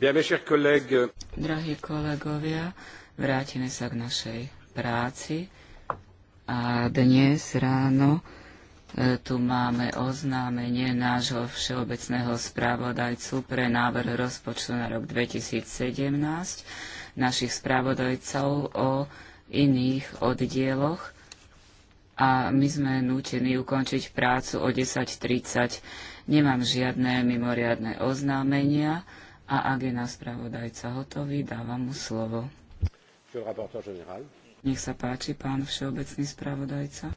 Drahí kolegovia, vrátime sa k našej práci a dnes ráno e, tu máme oznámenie nášho všeobecného správodajcu pre návrh rozpočtu na rok 2017, našich správodajcov o iných oddieloch a my sme nútení ukončiť prácu o 10.30. Nemám žiadne mimoriadne oznámenia a ak je na spravodajca hotový, dávam mu slovo. Nech sa páči, pán všeobecný spravodajca.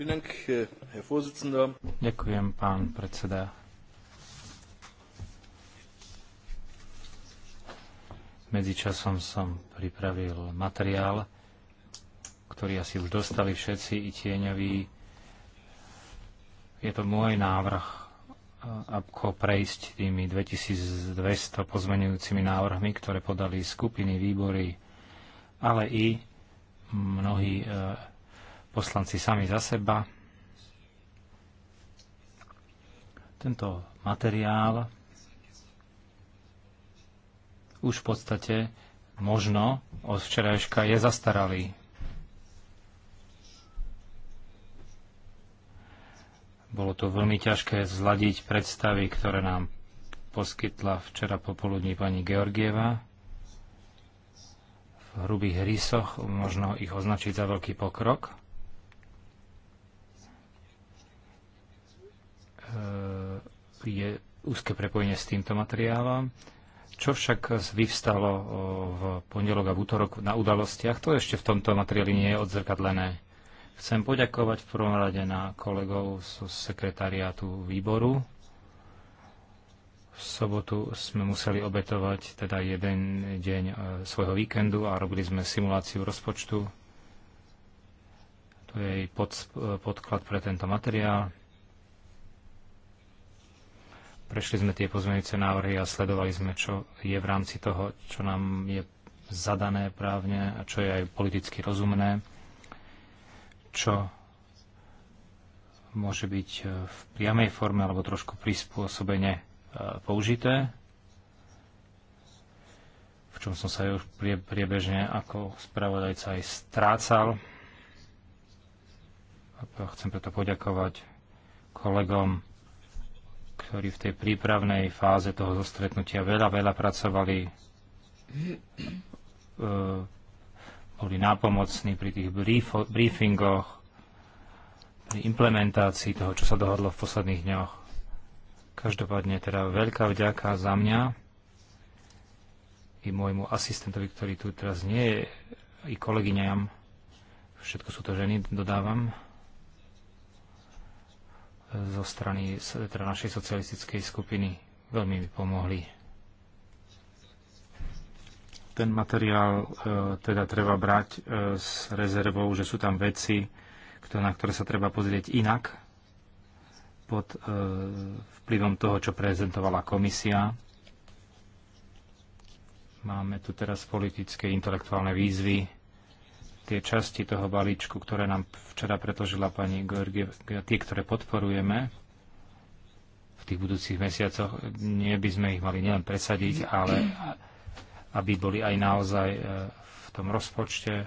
Äh, Ďakujem, pán predseda. Medzičasom som pripravil materiál, ktorý asi už dostali všetci i tieňoví. Je to môj návrh, ako prejsť tými 2200 pozmenujúcimi návrhmi, ktoré podali skupiny, výbory, ale i mnohí e, poslanci sami za seba. Tento materiál už v podstate možno od včerajška je zastaralý. Bolo to veľmi ťažké zladiť predstavy, ktoré nám poskytla včera popoludní pani Georgieva. V hrubých rysoch možno ich označiť za veľký pokrok. E, je úzke prepojenie s týmto materiálom. Čo však vyvstalo e, v pondelok a v útorok na udalostiach, to ešte v tomto materiáli nie je odzrkadlené. Chcem poďakovať v prvom rade na kolegov z sekretariátu výboru. V sobotu sme museli obetovať teda jeden deň e, svojho víkendu a robili sme simuláciu rozpočtu. To je jej pod, e, podklad pre tento materiál. Prešli sme tie pozmeňujúce návrhy a sledovali sme, čo je v rámci toho, čo nám je zadané právne a čo je aj politicky rozumné čo môže byť e, v priamej forme alebo trošku prispôsobene e, použité, v čom som sa už priebežne ako spravodajca aj strácal. Chcem preto poďakovať kolegom, ktorí v tej prípravnej fáze toho zostretnutia veľa, veľa pracovali. E, boli nápomocní pri tých briefo- briefingoch, pri implementácii toho, čo sa dohodlo v posledných dňoch. Každopádne teda veľká vďaka za mňa i môjmu asistentovi, ktorý tu teraz nie je, i kolegyňam. Všetko sú to ženy, dodávam zo strany teda našej socialistickej skupiny veľmi mi pomohli. Ten materiál e, teda treba brať e, s rezervou, že sú tam veci, na ktoré sa treba pozrieť inak pod e, vplyvom toho, čo prezentovala komisia. Máme tu teraz politické intelektuálne výzvy, tie časti toho balíčku, ktoré nám včera pretožila pani Georgie, tie, ktoré podporujeme v tých budúcich mesiacoch, nie by sme ich mali nielen presadiť, ale aby boli aj naozaj e, v tom rozpočte.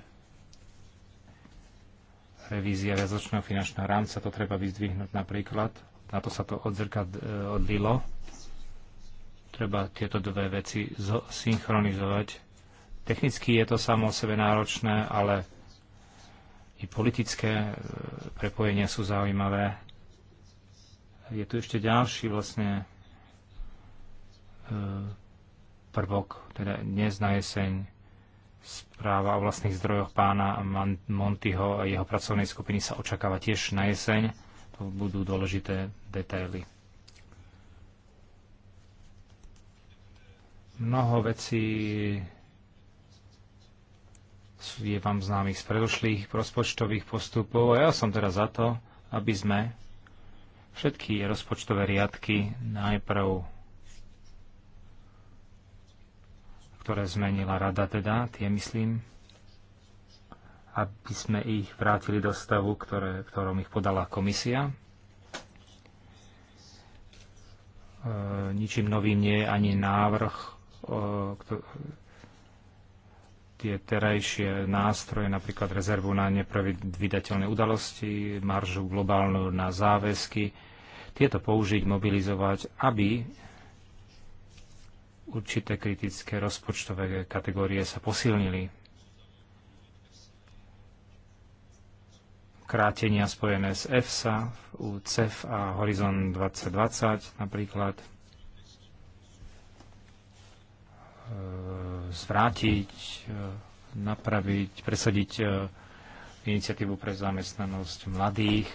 Revízia viacročného finančného rámca, to treba vyzdvihnúť napríklad. Na to sa to odzrkad e, odlilo. Treba tieto dve veci synchronizovať. Technicky je to samo o sebe náročné, ale i politické e, prepojenia sú zaujímavé. Je tu ešte ďalší vlastne prvok, teda dnes na jeseň správa o vlastných zdrojoch pána Montyho a jeho pracovnej skupiny sa očakáva tiež na jeseň. To budú dôležité detaily. Mnoho vecí je vám známych z predošlých rozpočtových postupov a ja som teda za to, aby sme všetky rozpočtové riadky najprv ktoré zmenila rada teda, tie myslím, aby sme ich vrátili do stavu, ktoré, ktorom ich podala komisia. E, ničím novým nie je ani návrh, e, kto, tie terajšie nástroje, napríklad rezervu na neprevydateľné udalosti, maržu globálnu na záväzky, tieto použiť, mobilizovať, aby určité kritické rozpočtové kategórie sa posilnili. Krátenia spojené s EFSA, UCEF a Horizon 2020 napríklad. E, zvrátiť, e, napraviť, presadiť e, iniciatívu pre zamestnanosť mladých.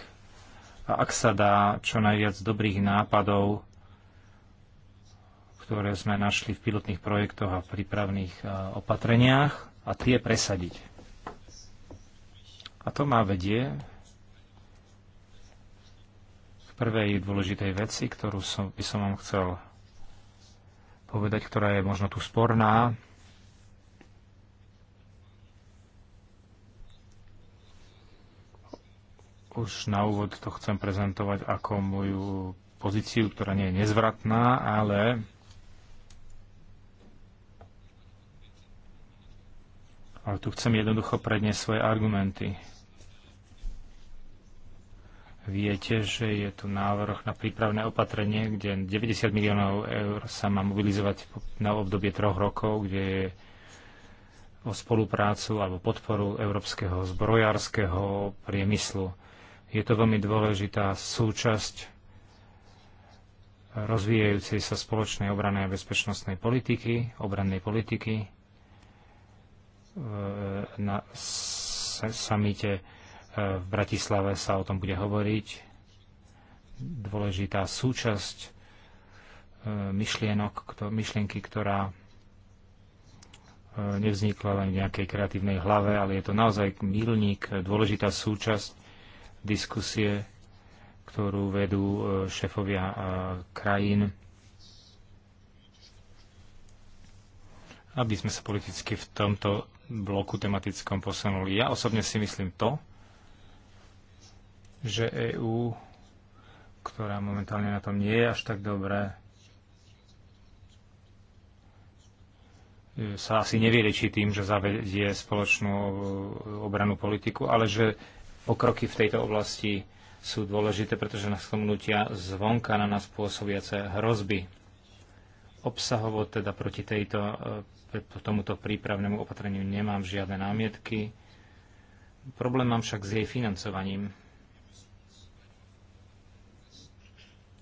A ak sa dá čo najviac dobrých nápadov ktoré sme našli v pilotných projektoch a prípravných e, opatreniach a tie presadiť. A to má vedie k prvej dôležitej veci, ktorú som, by som vám chcel povedať, ktorá je možno tu sporná, už na úvod to chcem prezentovať ako moju pozíciu, ktorá nie je nezvratná, ale Ale tu chcem jednoducho predniesť svoje argumenty. Viete, že je tu návrh na prípravné opatrenie, kde 90 miliónov eur sa má mobilizovať na obdobie troch rokov, kde je o spoluprácu alebo podporu európskeho zbrojárskeho priemyslu. Je to veľmi dôležitá súčasť rozvíjajúcej sa spoločnej obranej a bezpečnostnej politiky, obrannej politiky, E, na samite e, v Bratislave sa o tom bude hovoriť. Dôležitá súčasť e, myšlienok, myšlienky, ktorá nevznikla len v nejakej kreatívnej hlave, ale je to naozaj milník, dôležitá súčasť diskusie, ktorú vedú šefovia krajín aby sme sa politicky v tomto bloku tematickom posunuli. Ja osobne si myslím to, že EÚ, ktorá momentálne na tom nie je až tak dobré, e, sa asi nevyriečí tým, že zavedie spoločnú obranú politiku, ale že pokroky v tejto oblasti sú dôležité, pretože nás to nutia zvonka na nás pôsobiace hrozby. Obsahovo teda proti tejto, e, tomuto prípravnému opatreniu nemám žiadne námietky. Problém mám však s jej financovaním.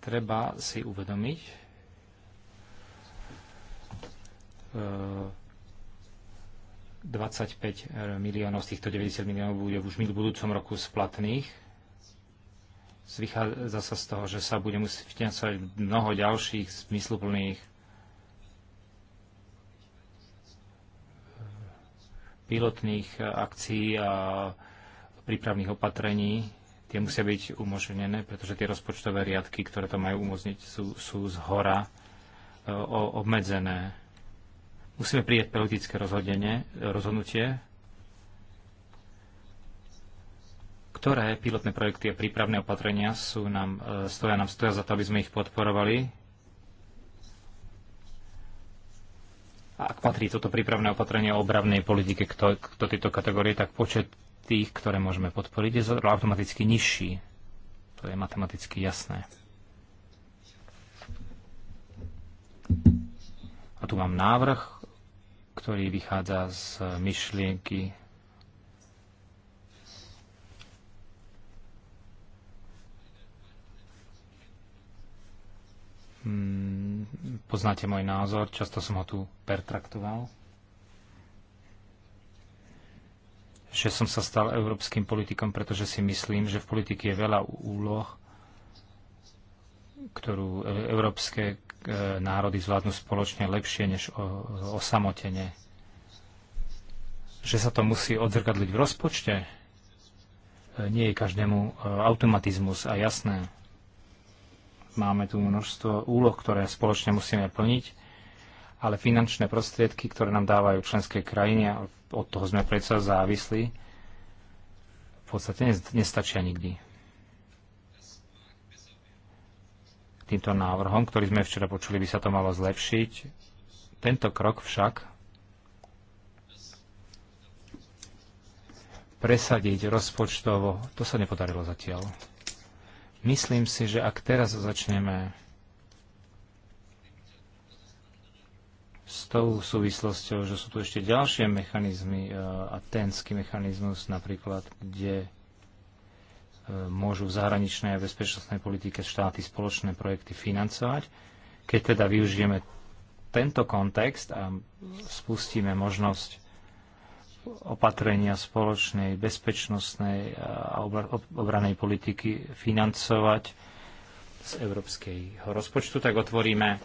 Treba si uvedomiť, e 25 miliónov z týchto 90 miliónov bude už v budúcom roku splatných. Vychádza sa z toho, že sa bude musieť financovať mnoho ďalších zmysluplných pilotných eh, akcií a prípravných opatrení, tie musia byť umožnené, pretože tie rozpočtové riadky, ktoré to majú umožniť, sú, sú z hora eh, o, obmedzené. Musíme prijať politické rozhodnutie, ktoré pilotné projekty a prípravné opatrenia sú nám, eh, stoja nám stoja za to, aby sme ich podporovali ak patrí toto prípravné opatrenie o obravnej politike k, do tejto kategórie, tak počet tých, ktoré môžeme podporiť, je automaticky nižší. To je matematicky jasné. A tu mám návrh, ktorý vychádza z myšlienky Mm, poznáte môj názor, často som ho tu pertraktoval, že som sa stal európskym politikom, pretože si myslím, že v politike je veľa úloh, ktorú e, európske e, národy zvládnu spoločne lepšie než osamotene. Že sa to musí odzrkadliť v rozpočte, e, nie je každému automatizmus a jasné. Máme tu množstvo úloh, ktoré spoločne musíme plniť, ale finančné prostriedky, ktoré nám dávajú členské krajiny, a od toho sme predsa závislí, v podstate nestačia nikdy. Týmto návrhom, ktorý sme včera počuli, by sa to malo zlepšiť. Tento krok však presadiť rozpočtovo, to sa nepodarilo zatiaľ. Myslím si, že ak teraz začneme s tou súvislosťou, že sú tu ešte ďalšie mechanizmy, e, aténsky mechanizmus napríklad, kde e, môžu v zahraničnej a bezpečnostnej politike štáty spoločné projekty financovať. Keď teda využijeme tento kontext a spustíme možnosť opatrenia spoločnej bezpečnostnej a obranej politiky financovať z európskeho rozpočtu, tak otvoríme e,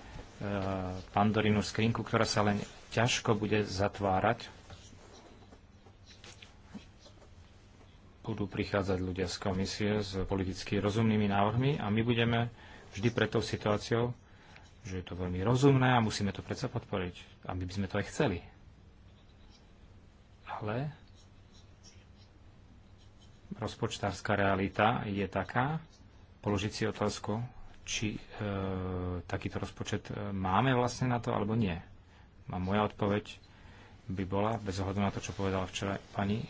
pandorinu skrinku, ktorá sa len ťažko bude zatvárať. Budú prichádzať ľudia z komisie s politicky rozumnými návrhmi a my budeme vždy pred tou situáciou, že je to veľmi rozumné a musíme to predsa podporiť. A my by sme to aj chceli ale rozpočtárska realita je taká, položiť si otázku, či e, takýto rozpočet e, máme vlastne na to, alebo nie. A moja odpoveď by bola, bez ohľadu na to, čo povedala včera pani e,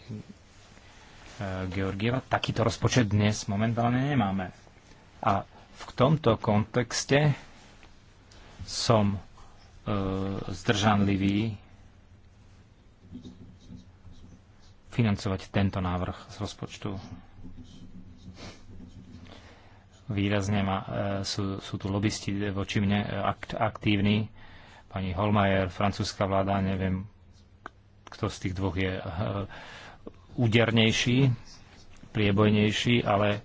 Georgieva, takýto rozpočet dnes momentálne nemáme. A v tomto kontexte som e, zdržanlivý financovať tento návrh z rozpočtu. Výrazne ma, e, sú, sú tu lobbysti voči mne e, akt, aktívni. Pani Holmajer, francúzska vláda, neviem, kto z tých dvoch je e, údernejší, priebojnejší, ale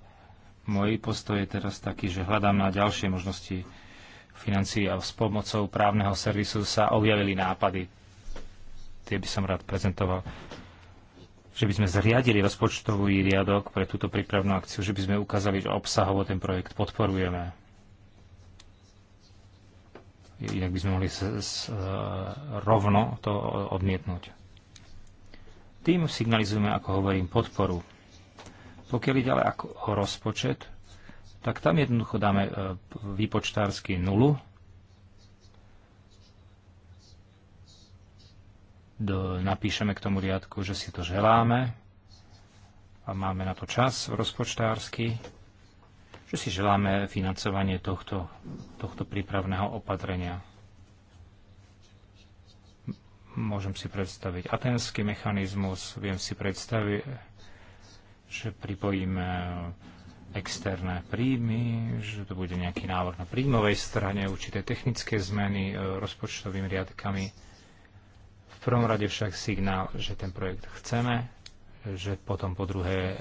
môj postoj je teraz taký, že hľadám na ďalšie možnosti financí a s pomocou právneho servisu sa objavili nápady. Tie by som rád prezentoval že by sme zriadili rozpočtový riadok pre túto prípravnú akciu, že by sme ukázali, že obsahovo ten projekt podporujeme. Inak by sme mohli s, s, rovno to odmietnúť. Tým signalizujeme, ako hovorím, podporu. Pokiaľ ide ale o rozpočet, tak tam jednoducho dáme e, výpočtársky nulu, do, napíšeme k tomu riadku, že si to želáme a máme na to čas rozpočtársky, že si želáme financovanie tohto, tohto prípravného opatrenia. Môžem si predstaviť atenský mechanizmus, viem si predstaviť, že pripojíme externé príjmy, že to bude nejaký návrh na príjmovej strane, určité technické zmeny e, rozpočtovými riadkami prvom rade však signál, že ten projekt chceme, že potom po druhé e,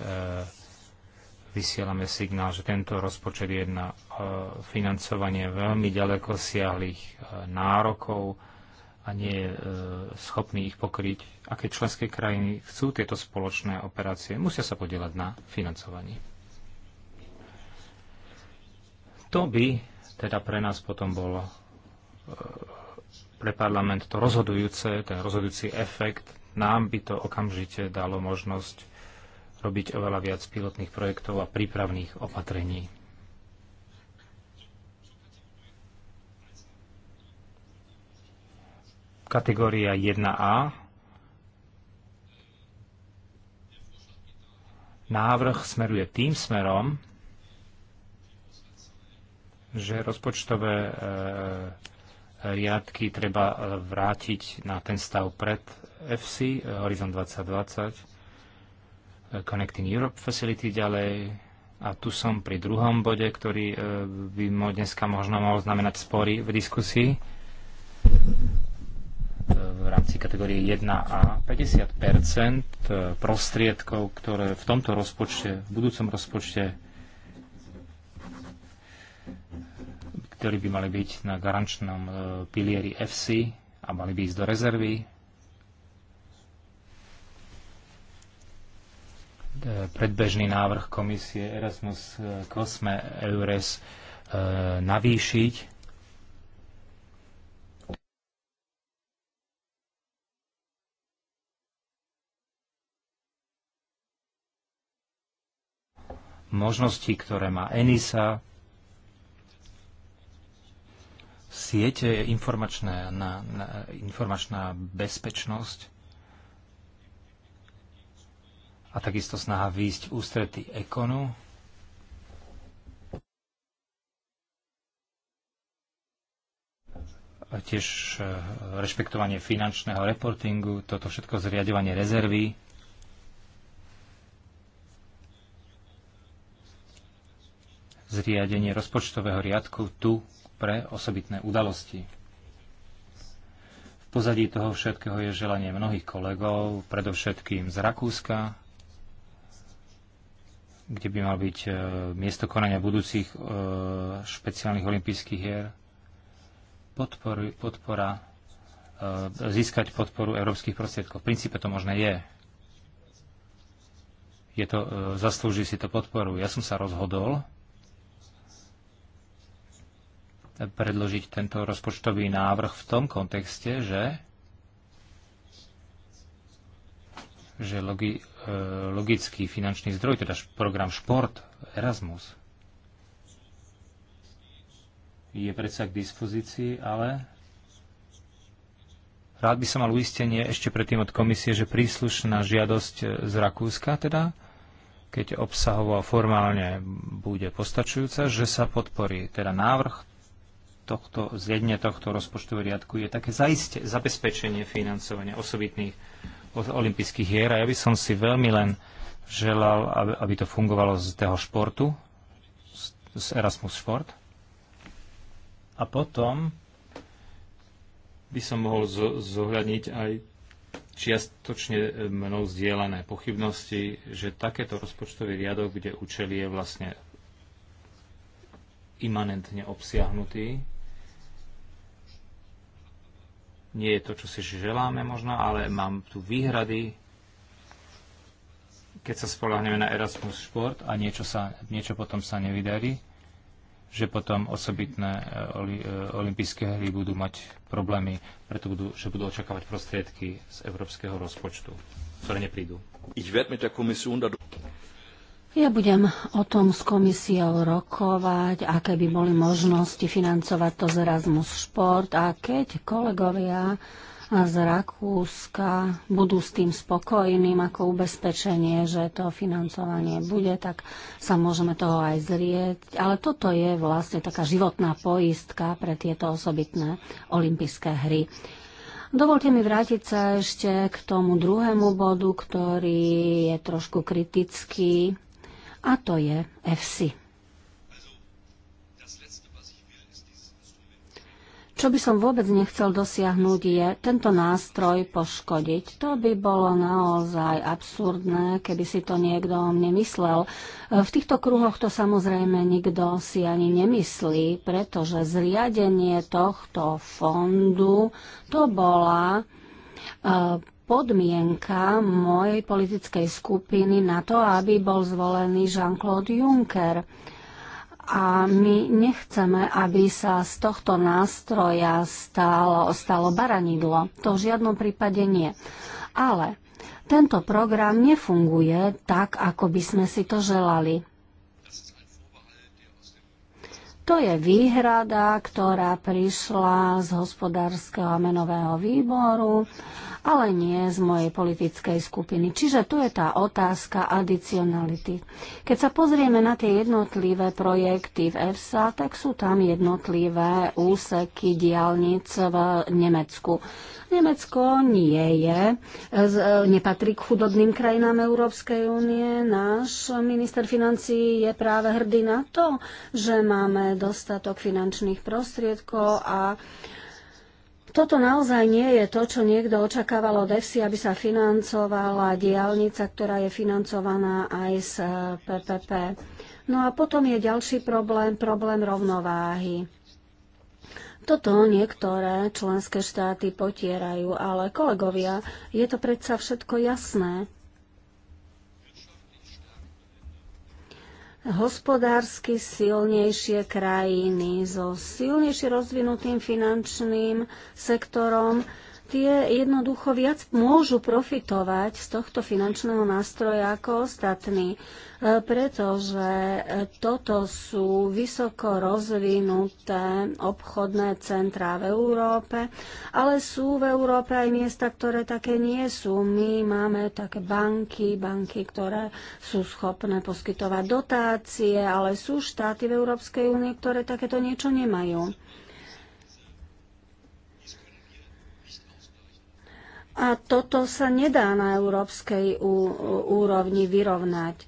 vysielame signál, že tento rozpočet je na e, financovanie veľmi ďaleko siahlých e, nárokov a nie je e, schopný ich pokryť. Aké členské krajiny chcú tieto spoločné operácie, musia sa podielať na financovaní. To by teda pre nás potom bolo e, pre parlament to rozhodujúce, ten rozhodujúci efekt, nám by to okamžite dalo možnosť robiť oveľa viac pilotných projektov a prípravných opatrení. Kategória 1A. Návrh smeruje tým smerom, že rozpočtové e, riadky treba e, vrátiť na ten stav pred FC, e, Horizon 2020, e, Connecting Europe Facility ďalej. A tu som pri druhom bode, ktorý by mo dneska možno mohol znamenať spory v diskusii v rámci kategórie 1a 50 prostriedkov, ktoré v tomto rozpočte, v budúcom rozpočte ktorí by mali byť na garančnom e, pilieri FC a mali by ísť do rezervy. E, predbežný návrh komisie Erasmus e, Cosme Eures navýšiť možnosti, ktoré má ENISA, siete je informačná, na, na, informačná bezpečnosť a takisto snaha výjsť ústrety ekonu. A tiež e, rešpektovanie finančného reportingu, toto všetko zriadovanie rezervy. Zriadenie rozpočtového riadku tu pre osobitné udalosti. V pozadí toho všetkého je želanie mnohých kolegov, predovšetkým z Rakúska, kde by mal byť e, miesto konania budúcich e, špeciálnych olympijských hier, Podpor, podpora, e, získať podporu európskych prostriedkov. V princípe to možné je. je to, zaslúži si to podporu. Ja som sa rozhodol, predložiť tento rozpočtový návrh v tom kontexte, že že logi, e, logický finančný zdroj, teda program Šport Erasmus, je predsa k dispozícii, ale rád by som mal uistenie ešte predtým od komisie, že príslušná žiadosť e, z Rakúska, teda, keď obsahovo a formálne bude postačujúca, že sa podporí teda návrh tohto, zjedne tohto rozpočtového riadku je také zaiste, zabezpečenie financovania osobitných olympijských hier. A ja by som si veľmi len želal, aby, aby to fungovalo z toho športu, z, z Erasmus Šport. A potom by som mohol zo, zohľadniť aj čiastočne e, mnou zdieľané pochybnosti, že takéto rozpočtový riadok, kde účel je vlastne imanentne obsiahnutý, nie je to, čo si želáme možno, ale mám tu výhrady, keď sa spolahneme na Erasmus šport a niečo, sa, niečo potom sa nevydarí, že potom osobitné e, e, olympijské hry budú mať problémy, preto budú, že budú očakávať prostriedky z európskeho rozpočtu, ktoré neprídu. Ich werde mit der Kommission ja budem o tom s komisiou rokovať, aké by boli možnosti financovať to z Erasmus Šport a keď kolegovia z Rakúska budú s tým spokojným ako ubezpečenie, že to financovanie bude, tak sa môžeme toho aj zrieť. Ale toto je vlastne taká životná poistka pre tieto osobitné olympijské hry. Dovolte mi vrátiť sa ešte k tomu druhému bodu, ktorý je trošku kritický a to je FC. Čo by som vôbec nechcel dosiahnuť je tento nástroj poškodiť. To by bolo naozaj absurdné, keby si to niekto o mne myslel. V týchto kruhoch to samozrejme nikto si ani nemyslí, pretože zriadenie tohto fondu to bola eh, podmienka mojej politickej skupiny na to, aby bol zvolený Jean-Claude Juncker. A my nechceme, aby sa z tohto nástroja stalo, stalo baranidlo. To v žiadnom prípade nie. Ale tento program nefunguje tak, ako by sme si to želali. To je výhrada, ktorá prišla z hospodárskeho a menového výboru ale nie z mojej politickej skupiny. Čiže tu je tá otázka adicionality. Keď sa pozrieme na tie jednotlivé projekty v EFSA, tak sú tam jednotlivé úseky diálnic v Nemecku. Nemecko nie je, nepatrí k chudobným krajinám Európskej únie. Náš minister financí je práve hrdý na to, že máme dostatok finančných prostriedkov a toto naozaj nie je to, čo niekto očakával od EFSI, aby sa financovala diálnica, ktorá je financovaná aj z PPP. Eh, no a potom je ďalší problém, problém rovnováhy. Toto niektoré členské štáty potierajú, ale kolegovia, je to predsa všetko jasné. hospodársky silnejšie krajiny so silnejšie rozvinutým finančným sektorom tie jednoducho viac môžu profitovať z tohto finančného nástroja ako ostatní, e, pretože e, toto sú vysoko rozvinuté obchodné centrá v Európe, ale sú v Európe aj miesta, ktoré také nie sú. My máme také banky, banky, ktoré sú schopné poskytovať dotácie, ale sú štáty v Európskej únie, ktoré takéto niečo nemajú. A toto sa nedá na európskej úrovni vyrovnať.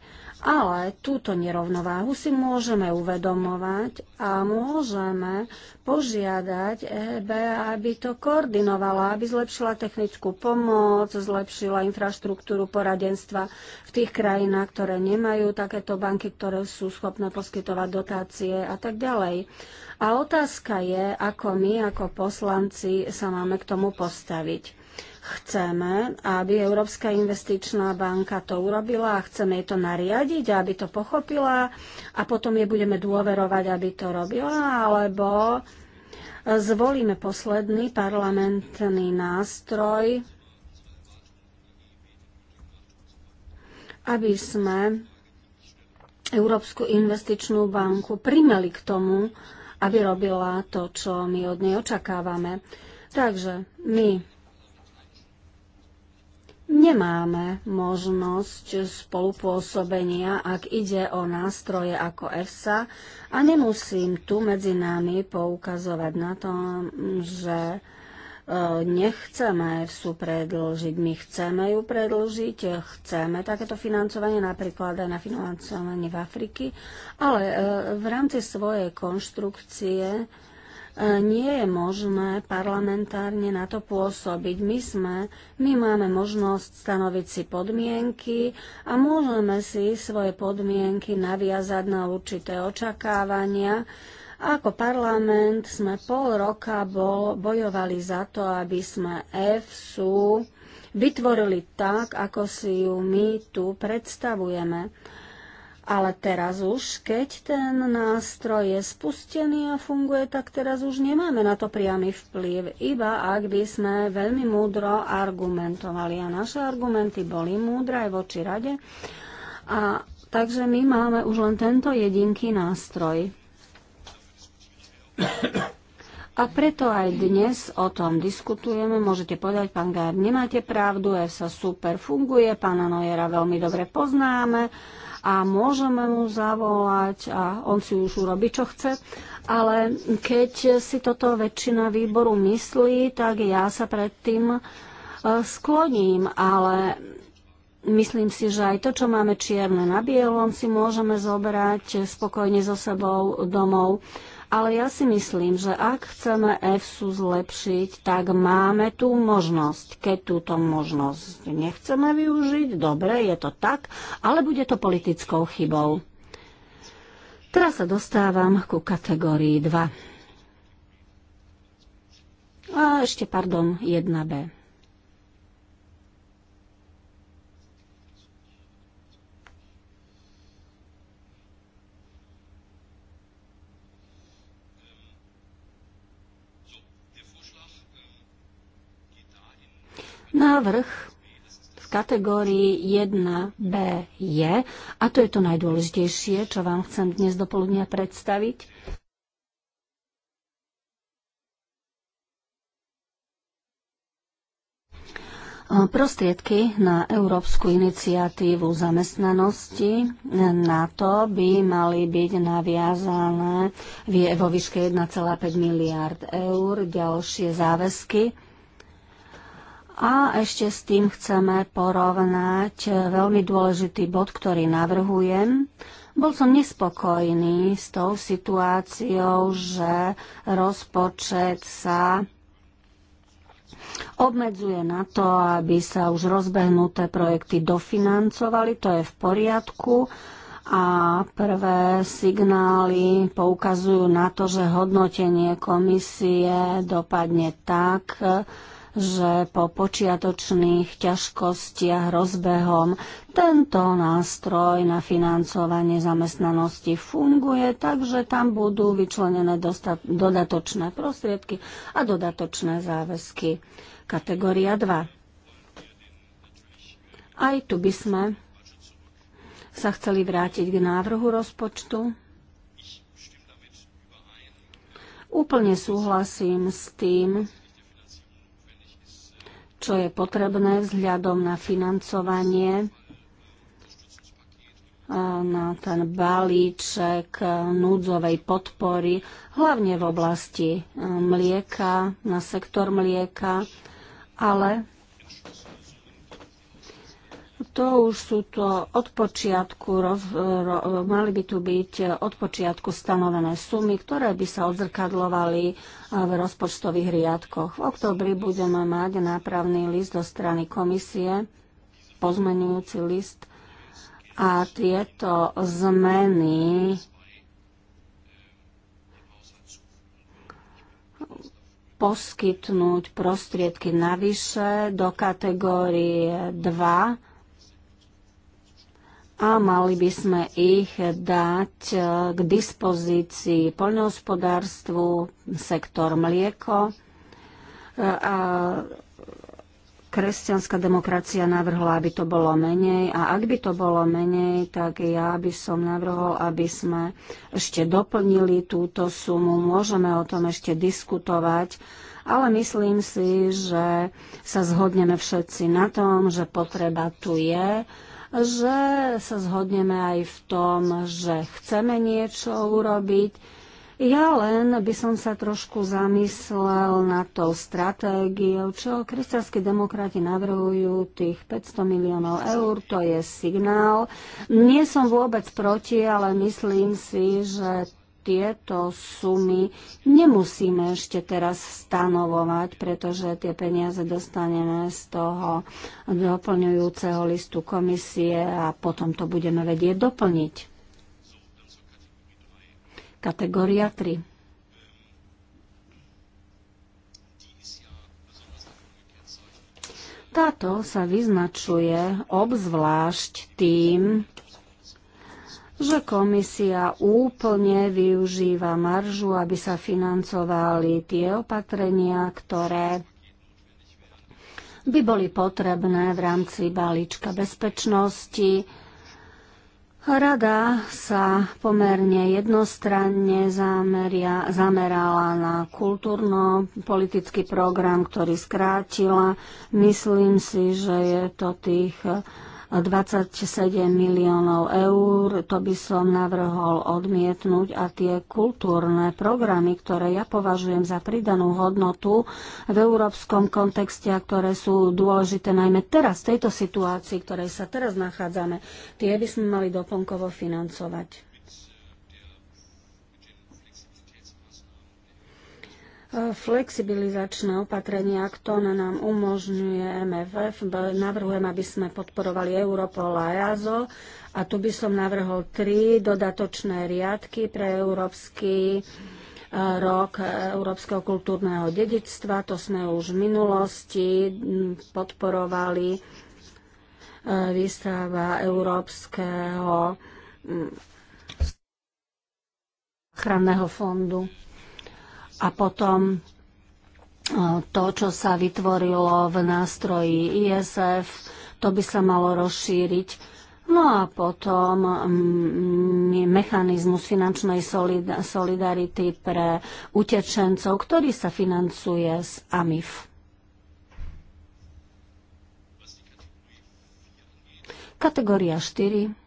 Ale túto nerovnováhu si môžeme uvedomovať a môžeme požiadať EB, aby to koordinovala, aby zlepšila technickú pomoc, zlepšila infraštruktúru poradenstva v tých krajinách, ktoré nemajú takéto banky, ktoré sú schopné poskytovať dotácie a tak ďalej. A otázka je, ako my, ako poslanci, sa máme k tomu postaviť. Chceme, aby Európska investičná banka to urobila a chceme jej to nariadiť, aby to pochopila a potom jej budeme dôverovať, aby to robila, alebo zvolíme posledný parlamentný nástroj, aby sme Európsku investičnú banku primeli k tomu, aby robila to, čo my od nej očakávame. Takže my nemáme možnosť spolupôsobenia, ak ide o nástroje ako EFSA a nemusím tu medzi nami poukazovať na to, že e, nechceme EFSU predlžiť. My chceme ju predlžiť, chceme takéto financovanie napríklad aj na financovanie v Afriky, ale e, v rámci svojej konštrukcie E, nie je možné parlamentárne na to pôsobiť. My sme, my máme možnosť stanoviť si podmienky a môžeme si svoje podmienky naviazať na určité očakávania. A ako parlament sme pol roka bol, bojovali za to, aby sme EFSU vytvorili tak, ako si ju my tu predstavujeme. Ale teraz už, keď ten nástroj je spustený a funguje, tak teraz už nemáme na to priamy vplyv, iba ak by sme veľmi múdro argumentovali. A naše argumenty boli múdre aj voči rade. A takže my máme už len tento jedinký nástroj. A preto aj dnes o tom diskutujeme. Môžete povedať, pán Gár, nemáte pravdu, EFSA super funguje, pána Nojera veľmi dobre poznáme a môžeme mu zavolať a on si už urobí, čo chce. Ale keď si toto väčšina výboru myslí, tak ja sa predtým e, skloním, ale myslím si, že aj to, čo máme čierne na bielom, si môžeme zobrať spokojne so sebou domov ale ja si myslím, že ak chceme EFSU zlepšiť, tak máme tú možnosť. Keď túto možnosť nechceme využiť, dobre, je to tak, ale bude to politickou chybou. Teraz sa dostávam ku kategórii 2. A ešte, pardon, 1B. Návrh v kategórii 1B je, a to je to najdôležitejšie, čo vám chcem dnes do poludnia predstaviť, Prostriedky na Európsku iniciatívu zamestnanosti na to by mali byť naviazané vo výške 1,5 miliard eur. Ďalšie záväzky a ešte s tým chceme porovnať e, veľmi dôležitý bod, ktorý navrhujem. Bol som nespokojný s tou situáciou, že rozpočet sa obmedzuje na to, aby sa už rozbehnuté projekty dofinancovali, to je v poriadku. A prvé signály poukazujú na to, že hodnotenie komisie dopadne tak, že po počiatočných ťažkostiach rozbehom tento nástroj na financovanie zamestnanosti funguje, takže tam budú vyčlenené dodatočné prostriedky a dodatočné záväzky. Kategória 2. Aj tu by sme sa chceli vrátiť k návrhu rozpočtu. Úplne súhlasím s tým, čo je potrebné vzhľadom na financovanie, e, na ten balíček e, núdzovej podpory, hlavne v oblasti e, mlieka, na sektor mlieka, ale to už sú to od počiatku, roz, ro, mali by tu byť od počiatku stanovené sumy, ktoré by sa odzrkadlovali eh, v rozpočtových riadkoch. V oktobri budeme mať nápravný list do strany komisie, pozmenujúci list a tieto zmeny poskytnúť prostriedky navyše do kategórie 2 a mali by sme ich dať e, k dispozícii poľnohospodárstvu, sektor mlieko. E, a kresťanská demokracia navrhla, aby to bolo menej a ak by to bolo menej, tak ja by som navrhol, aby sme ešte doplnili túto sumu. Môžeme o tom ešte diskutovať, ale myslím si, že sa zhodneme všetci na tom, že potreba tu je že sa zhodneme aj v tom, že chceme niečo urobiť. Ja len by som sa trošku zamyslel na tou stratégiou, čo kresťanskí demokrati navrhujú, tých 500 miliónov eur, to je signál. Nie som vôbec proti, ale myslím si, že tieto sumy nemusíme ešte teraz stanovovať, pretože tie peniaze dostaneme z toho doplňujúceho listu komisie a potom to budeme vedieť doplniť. Kategória 3. Táto sa vyznačuje obzvlášť tým, že komisia úplne využíva maržu, aby sa financovali tie opatrenia, ktoré by boli potrebné v rámci balíčka bezpečnosti. Rada sa pomerne jednostranne zameria, zamerala na kultúrno-politický program, ktorý skrátila. Myslím si, že je to tých 27 miliónov eur, to by som navrhol odmietnúť a tie kultúrne programy, ktoré ja považujem za pridanú hodnotu v európskom kontexte a ktoré sú dôležité najmä teraz, v tejto situácii, v ktorej sa teraz nachádzame, tie by sme mali doplnkovo financovať. flexibilizačné opatrenia, ktoré nám umožňuje MFF. Navrhujem, aby sme podporovali Europol a EASO a tu by som navrhol tri dodatočné riadky pre Európsky e, rok e, Európskeho kultúrneho dedictva. To sme už v minulosti podporovali e, výstava Európskeho ochranného fondu a potom e, to, čo sa vytvorilo v nástroji ISF, to by sa malo rozšíriť. No a potom mechanizmus finančnej solidarity pre utečencov, ktorý sa financuje z AMIF. Kategória 4.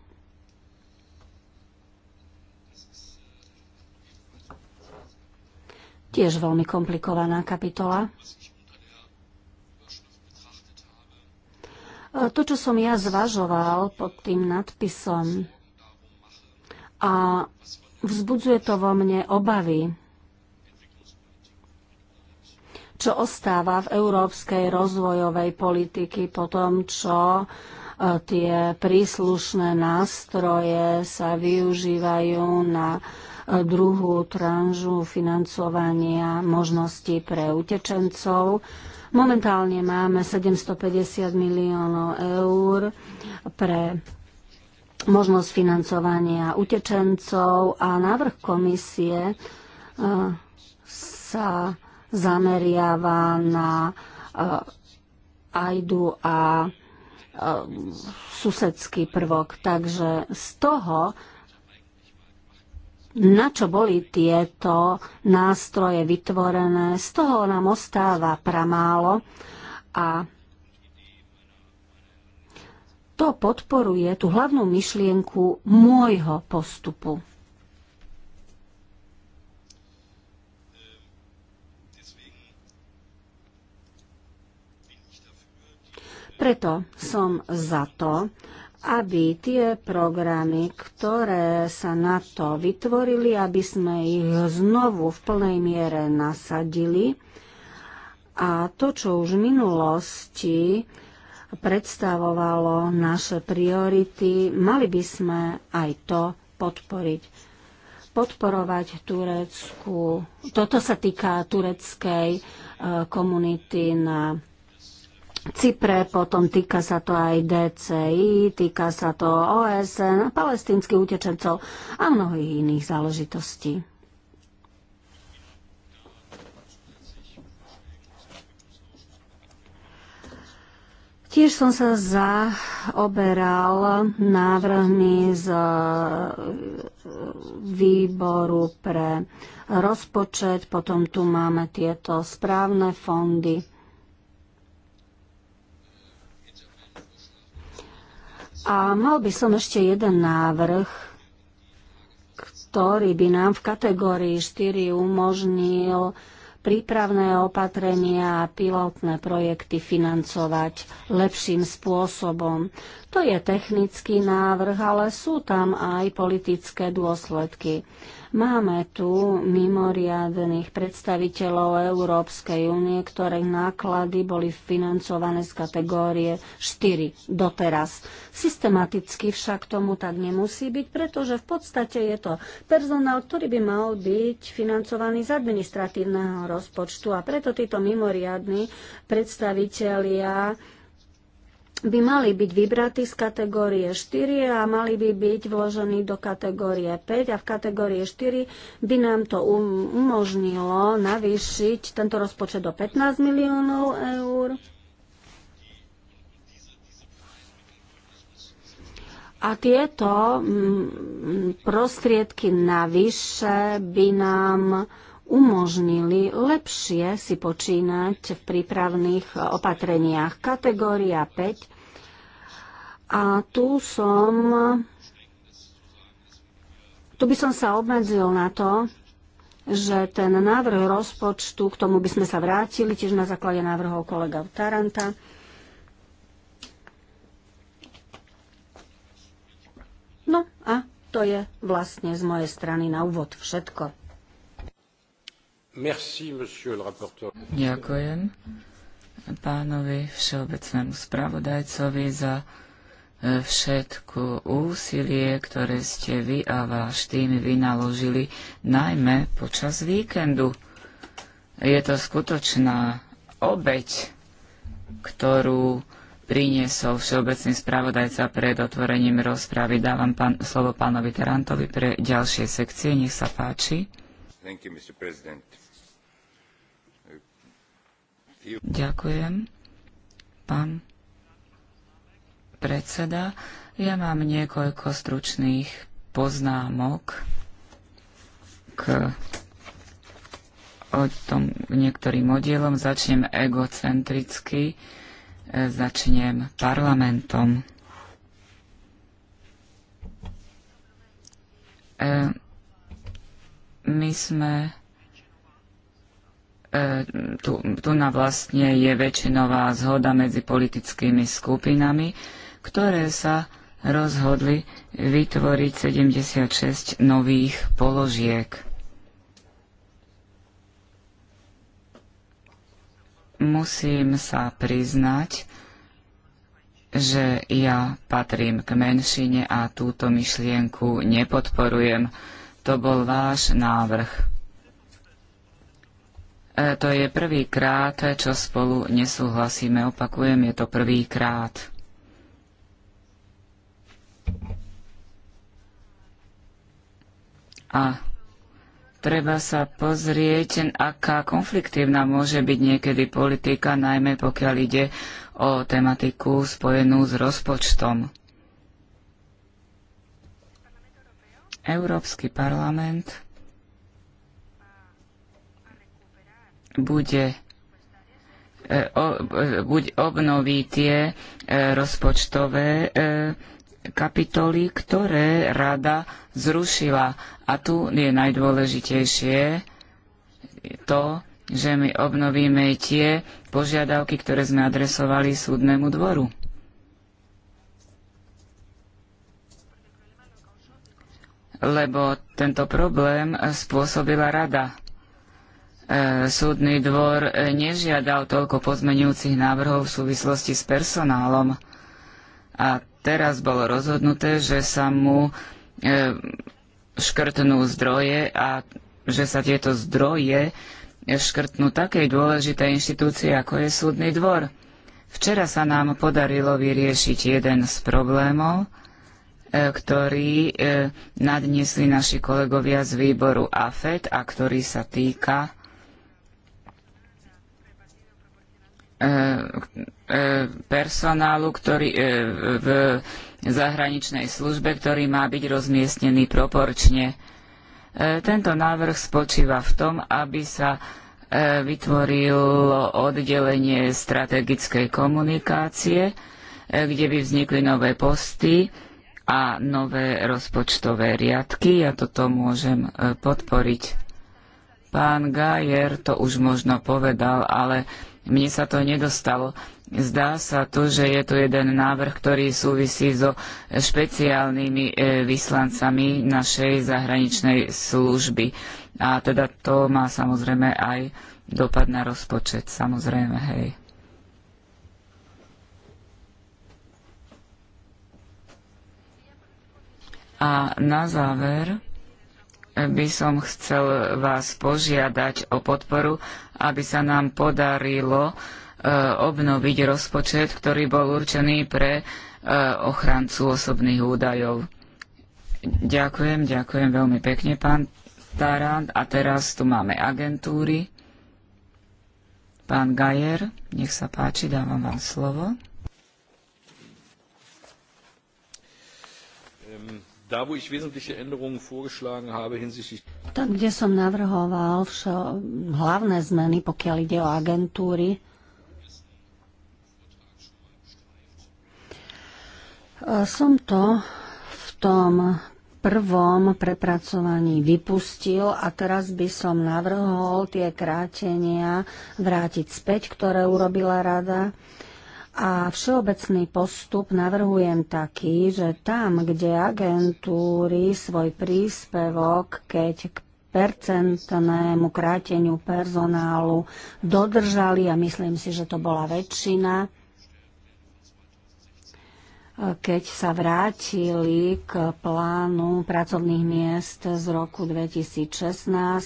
tiež veľmi komplikovaná kapitola. E, to, čo som ja zvažoval pod tým nadpisom a vzbudzuje to vo mne obavy, čo ostáva v európskej rozvojovej politiky po tom, čo e, tie príslušné nástroje sa využívajú na uh, druhú tranžu financovania možností pre utečencov. Momentálne máme 750 miliónov eur pre možnosť financovania utečencov a návrh komisie eh, sa zameriava na eh, ajdu a eh, susedský prvok. Takže z toho na čo boli tieto nástroje vytvorené. Z toho nám ostáva pramálo a to podporuje tú hlavnú myšlienku môjho postupu. Preto som za to, aby tie programy, ktoré sa na to vytvorili, aby sme ich znovu v plnej miere nasadili. A to, čo už v minulosti predstavovalo naše priority, mali by sme aj to podporiť. Podporovať Turecku. Toto sa týka tureckej eh, komunity na Cypre, potom týka sa to aj DCI, týka sa to OSN, palestínskych utečencov a mnohých iných záležitostí. Tiež som sa zaoberal návrhmi z e, výboru pre rozpočet, potom tu máme tieto správne fondy. A mal by som ešte jeden návrh, ktorý by nám v kategórii 4 umožnil prípravné opatrenia a pilotné projekty financovať lepším spôsobom. To je technický návrh, ale sú tam aj politické dôsledky. Máme tu mimoriadných predstaviteľov Európskej únie, ktorých náklady boli financované z kategórie 4 doteraz. Systematicky však tomu tak nemusí byť, pretože v podstate je to personál, ktorý by mal byť financovaný z administratívneho rozpočtu a preto títo mimoriadní predstavitelia by mali byť vybratí z kategórie 4 a mali by byť vložení do kategórie 5 a v kategórie 4 by nám to um-, umožnilo navýšiť tento rozpočet do 15 miliónov eur. A tieto mm, prostriedky navyše by nám umožnili lepšie si počínať v prípravných opatreniach. Kategória 5. A tu som tu by som sa obmedzil na to, že ten návrh rozpočtu, k tomu by sme sa vrátili tiež na základe návrhov kolega Taranta, No a to je vlastne z mojej strany na úvod všetko. Ďakujem pánovi všeobecnému spravodajcovi za e, všetko úsilie, ktoré ste vy a váš tým vynaložili, najmä počas víkendu. Je to skutočná obeď, ktorú priniesol všeobecný spravodajca pred otvorením rozprávy. Dávam pán, slovo pánovi Tarantovi pre ďalšie sekcie. Nech sa páči. Thank you, Mr. President. Ďakujem. Pán predseda, ja mám niekoľko stručných poznámok k o tom niektorým oddielom. Začnem egocentricky, e, začnem parlamentom. E, my sme E, tu, tu na vlastne je väčšinová zhoda medzi politickými skupinami, ktoré sa rozhodli vytvoriť 76 nových položiek. Musím sa priznať, že ja patrím k menšine a túto myšlienku nepodporujem. To bol váš návrh. E, to je prvýkrát, čo spolu nesúhlasíme. Opakujem, je to prvýkrát. A treba sa pozrieť, aká konfliktívna môže byť niekedy politika, najmä pokiaľ ide o tematiku spojenú s rozpočtom. Európsky parlament bude e, e, buď obnoví tie e, rozpočtové kapitoly, ktoré rada zrušila. A tu je najdôležitejšie to, že my obnovíme tie požiadavky, ktoré sme adresovali súdnemu dvoru. Lebo tento problém spôsobila rada E, súdny dvor e, nežiadal toľko pozmenujúcich návrhov v súvislosti s personálom. A teraz bolo rozhodnuté, že sa mu e, škrtnú zdroje a že sa tieto zdroje škrtnú takej dôležitej inštitúcie, ako je súdny dvor. Včera sa nám podarilo vyriešiť jeden z problémov, ktorý nadniesli naši kolegovia z výboru AFET a ktorý sa týka E, e, personálu, ktorý e, v zahraničnej službe, ktorý má byť rozmiestnený proporčne. Tento návrh spočíva v tom, aby sa vytvorilo oddelenie strategickej komunikácie, kde by vznikli nové posty a nové rozpočtové riadky. Ja toto môžem podporiť. Pán Gajer to už možno povedal, ale mne sa to nedostalo. Zdá sa tu, že je tu jeden návrh, ktorý súvisí so špeciálnymi e, vyslancami našej zahraničnej služby. A teda to má samozrejme aj dopad na rozpočet, samozrejme, hej. A na záver by som chcel vás požiadať o podporu, aby sa nám podarilo e, obnoviť rozpočet, ktorý bol určený pre e, ochrancu osobných údajov. Ďakujem, ďakujem veľmi pekne, pán Tarant. A teraz tu máme agentúry. Pán Gajer, nech sa páči, dávam vám slovo. Tam, kde som navrhoval všo, hlavné zmeny, pokiaľ ide o agentúry, e, som to v tom prvom prepracovaní vypustil a teraz by som navrhol tie krátenia vrátiť späť, ktoré urobila rada a všeobecný postup navrhujem taký, že tam, kde agentúry svoj príspevok, keď k percentnému kráteniu personálu dodržali, a myslím si, že to bola väčšina, keď sa vrátili k plánu pracovných miest z roku 2016,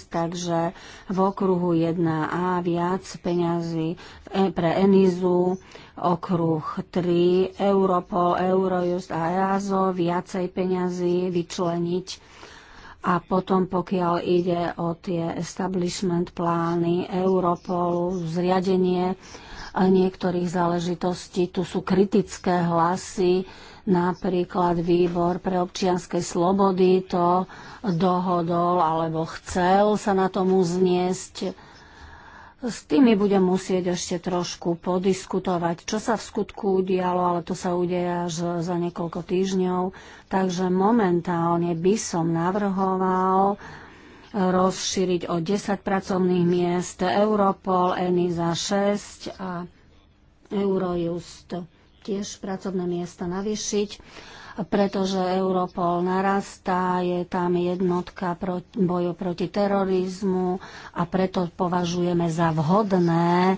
takže v okruhu 1A viac peňazí e- pre Enizu, okruh 3 Europol, Eurojust a EASO viacej peňazí vyčleniť a potom, pokiaľ ide o tie establishment plány Europolu, zriadenie niektorých záležitostí. Tu sú kritické hlasy, napríklad výbor pre občianske slobody to dohodol alebo chcel sa na tomu zniesť. S tými budem musieť ešte trošku podiskutovať, čo sa v skutku udialo, ale to sa udeje až za niekoľko týždňov. Takže momentálne by som navrhoval rozšíriť o 10 pracovných miest, Europol, ENISA 6 a Eurojust tiež pracovné miesta navyšiť pretože Europol narastá, je tam jednotka proti, boju proti terorizmu a preto považujeme za vhodné,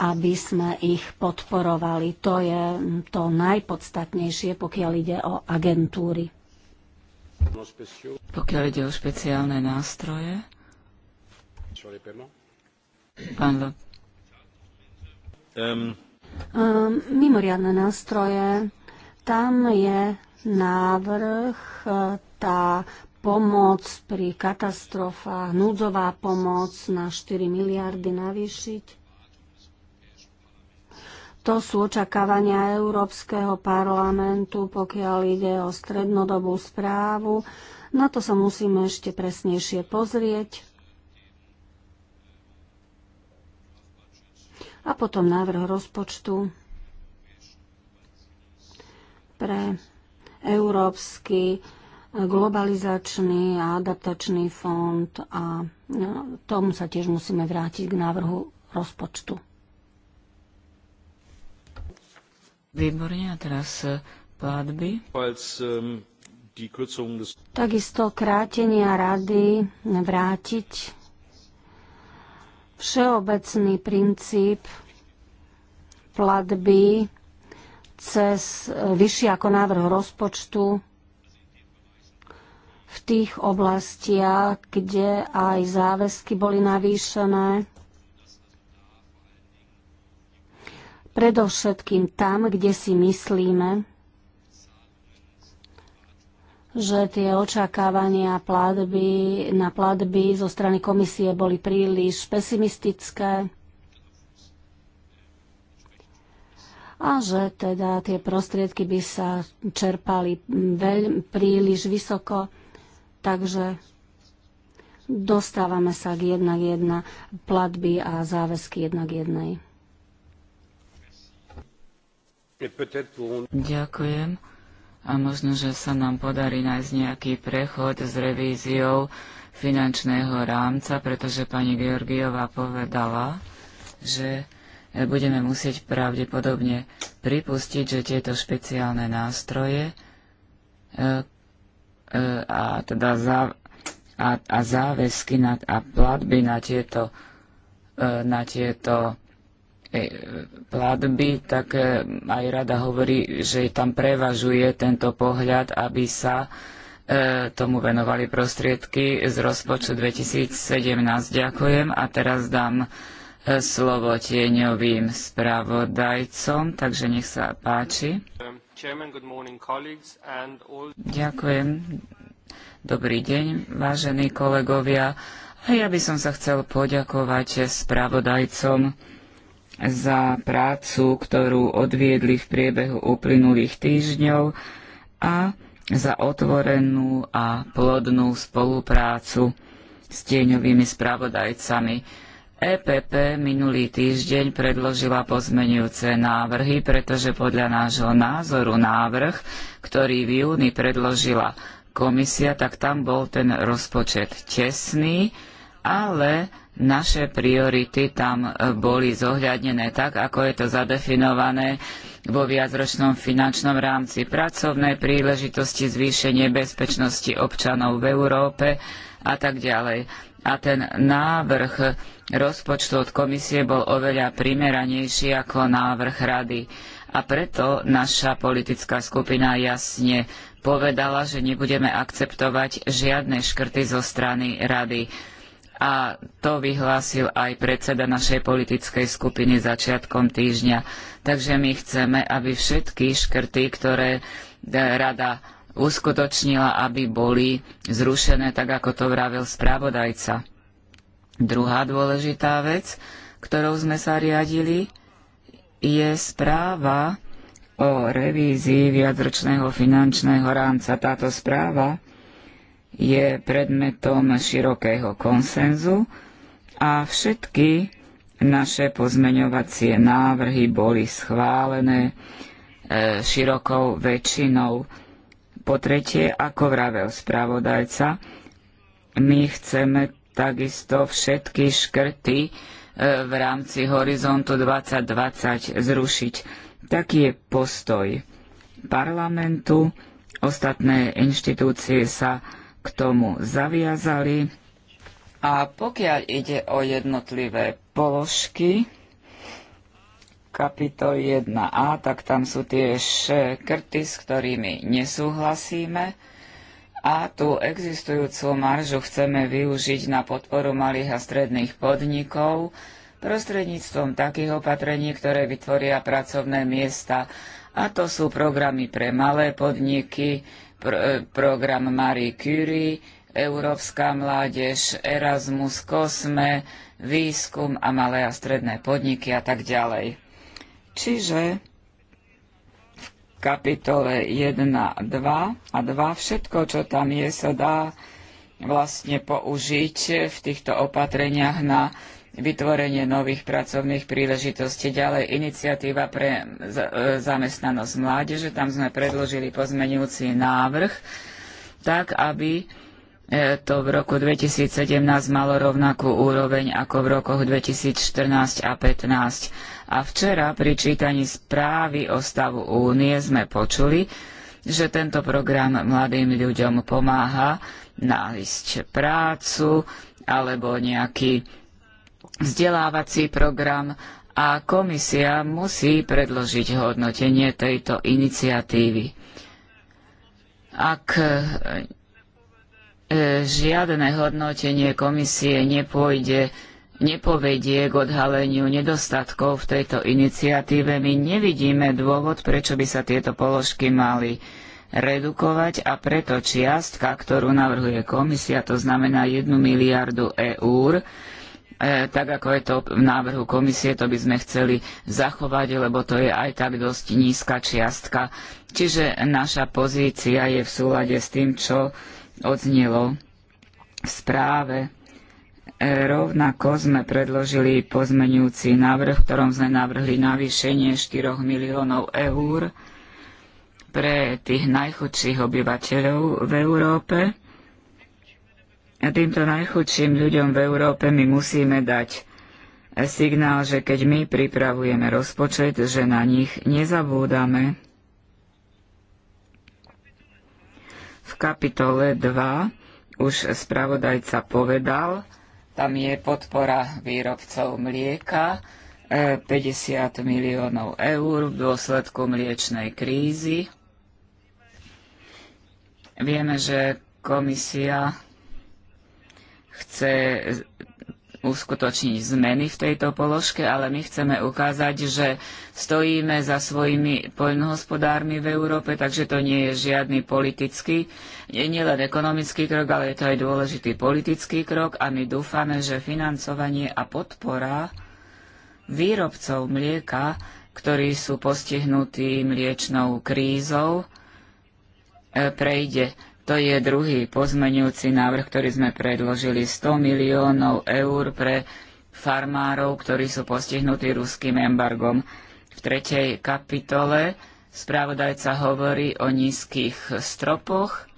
aby sme ich podporovali. To je to najpodstatnejšie, pokiaľ ide o agentúry. Pokiaľ ide o špeciálne nástroje, pán Lop. Um. Ehm. Um, ehm, mimoriadne nástroje, tam je návrh e, tá pomoc pri katastrofách, núdzová pomoc na 4 miliardy navýšiť to sú očakávania Európskeho parlamentu, pokiaľ ide o strednodobú správu. Na to sa musíme ešte presnejšie pozrieť. A potom návrh rozpočtu pre Európsky globalizačný a adaptačný fond a no, tomu sa tiež musíme vrátiť k návrhu rozpočtu. Výborne, a teraz e, platby. Ähm, Takisto krátenia rady vrátiť všeobecný princíp platby cez e, vyšší ako návrh rozpočtu v tých oblastiach, kde aj záväzky boli navýšené predovšetkým tam, kde si myslíme, že tie očakávania platby, na platby zo strany komisie boli príliš pesimistické a že teda tie prostriedky by sa čerpali veľ, príliš vysoko, takže dostávame sa k jednak jedna platby a záväzky jednak jednej. Ďakujem. A možno, že sa nám podarí nájsť nejaký prechod s revíziou finančného rámca, pretože pani Georgiová povedala, že budeme musieť pravdepodobne pripustiť, že tieto špeciálne nástroje e, e, a teda zá, a, a záväzky na, a platby na tieto, e, na tieto E, platby, tak e, aj rada hovorí, že tam prevažuje tento pohľad, aby sa e, tomu venovali prostriedky z rozpočtu 2017. Ďakujem a teraz dám slovo tieňovým spravodajcom, takže nech sa páči. Ďakujem. Dobrý deň, vážení kolegovia. A ja by som sa chcel poďakovať spravodajcom za prácu, ktorú odviedli v priebehu uplynulých týždňov a za otvorenú a plodnú spoluprácu s tieňovými spravodajcami. EPP minulý týždeň predložila pozmenujúce návrhy, pretože podľa nášho názoru návrh, ktorý v júni predložila komisia, tak tam bol ten rozpočet tesný, ale naše priority tam e, boli zohľadnené tak, ako je to zadefinované vo viacročnom finančnom rámci pracovné príležitosti, zvýšenie bezpečnosti občanov v Európe a tak ďalej. A ten návrh rozpočtu od komisie bol oveľa primeranejší ako návrh rady. A preto naša politická skupina jasne povedala, že nebudeme akceptovať žiadne škrty zo strany rady a to vyhlásil aj predseda našej politickej skupiny začiatkom týždňa. Takže my chceme, aby všetky škrty, ktoré e, rada uskutočnila, aby boli zrušené, tak ako to vravel spravodajca. Druhá dôležitá vec, ktorou sme sa riadili, je správa o revízii viacročného finančného rámca. Táto správa je predmetom širokého konsenzu a všetky naše pozmeňovacie návrhy boli schválené e, širokou väčšinou. Po tretie, ako vravel spravodajca, my chceme takisto všetky škrty e, v rámci horizontu 2020 zrušiť. Taký je postoj parlamentu. Ostatné inštitúcie sa k tomu zaviazali. A pokiaľ ide o jednotlivé položky, kapitol 1a, tak tam sú tie škrty, s ktorými nesúhlasíme. A tú existujúcu maržu chceme využiť na podporu malých a stredných podnikov prostredníctvom takých opatrení, ktoré vytvoria pracovné miesta. A to sú programy pre malé podniky, pr- e, program Marie Curie, Európska mládež, Erasmus, Kosme, výskum a malé a stredné podniky a tak ďalej. Čiže v kapitole 1, 2 a 2 všetko, čo tam je, sa dá vlastne použiť v týchto opatreniach na vytvorenie nových pracovných príležitostí. Ďalej iniciatíva pre e, zamestnanosť mládeže, tam sme predložili pozmenujúci návrh, tak aby e, to v roku 2017 malo rovnakú úroveň ako v rokoch 2014 a 2015. A včera pri čítaní správy o stavu únie sme počuli, že tento program mladým ľuďom pomáha nájsť prácu alebo nejaký vzdelávací program a komisia musí predložiť hodnotenie tejto iniciatívy. Ak e, žiadne hodnotenie komisie nepôjde, nepovedie k odhaleniu nedostatkov v tejto iniciatíve, my nevidíme dôvod, prečo by sa tieto položky mali redukovať a preto čiastka, ktorú navrhuje komisia, to znamená 1 miliardu eur, E, tak ako je to v návrhu komisie, to by sme chceli zachovať, lebo to je aj tak dosť nízka čiastka. Čiže naša pozícia je v súlade s tým, čo odznelo v správe. E, rovnako sme predložili pozmenujúci návrh, v ktorom sme navrhli navýšenie 4 miliónov eur pre tých najchudších obyvateľov v Európe Týmto najchudším ľuďom v Európe my musíme dať signál, že keď my pripravujeme rozpočet, že na nich nezabúdame. V kapitole 2 už spravodajca povedal, tam je podpora výrobcov mlieka 50 e, miliónov eur v dôsledku mliečnej krízy. Vieme, že komisia chce uskutočniť zmeny v tejto položke, ale my chceme ukázať, že stojíme za svojimi poľnohospodármi v Európe, takže to nie je žiadny politický, nie, nie len ekonomický krok, ale je to aj dôležitý politický krok a my dúfame, že financovanie a podpora výrobcov mlieka, ktorí sú postihnutí mliečnou krízou, e, prejde to je druhý pozmenujúci návrh, ktorý sme predložili 100 miliónov eur pre farmárov, ktorí sú postihnutí ruským embargom. V tretej kapitole správodajca hovorí o nízkych stropoch.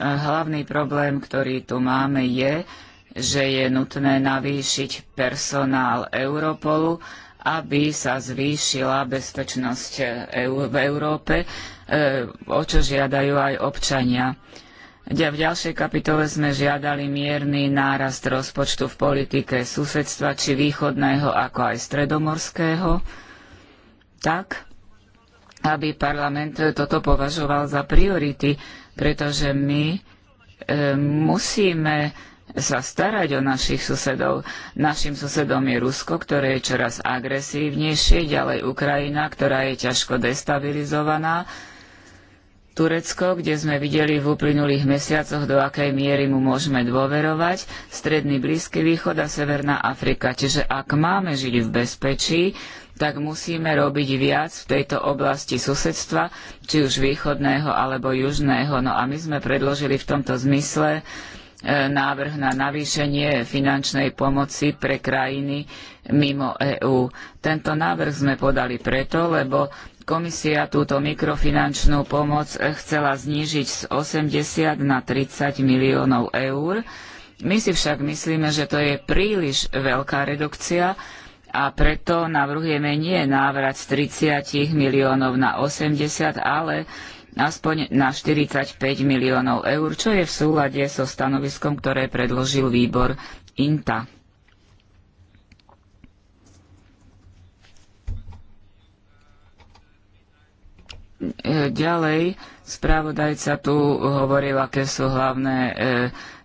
Hlavný problém, ktorý tu máme, je, že je nutné navýšiť personál Europolu aby sa zvýšila bezpečnosť e, v Európe, e, o čo žiadajú aj občania. V ďalšej kapitole sme žiadali mierny nárast rozpočtu v politike susedstva či východného, ako aj stredomorského, tak, aby parlament toto považoval za priority, pretože my e, musíme sa starať o našich susedov. Našim susedom je Rusko, ktoré je čoraz agresívnejšie, ďalej Ukrajina, ktorá je ťažko destabilizovaná, Turecko, kde sme videli v uplynulých mesiacoch, do akej miery mu môžeme dôverovať, Stredný Blízky východ a Severná Afrika. Čiže ak máme žiť v bezpečí, tak musíme robiť viac v tejto oblasti susedstva, či už východného alebo južného. No a my sme predložili v tomto zmysle E, návrh na navýšenie finančnej pomoci pre krajiny mimo EÚ. Tento návrh sme podali preto, lebo komisia túto mikrofinančnú pomoc chcela znížiť z 80 na 30 miliónov eur. My si však myslíme, že to je príliš veľká redukcia, a preto navrhujeme nie návrat z 30 miliónov na 80, ale aspoň na 45 miliónov eur, čo je v súlade so stanoviskom, ktoré predložil výbor INTA. E, ďalej, správodajca tu hovoril, aké sú hlavné e,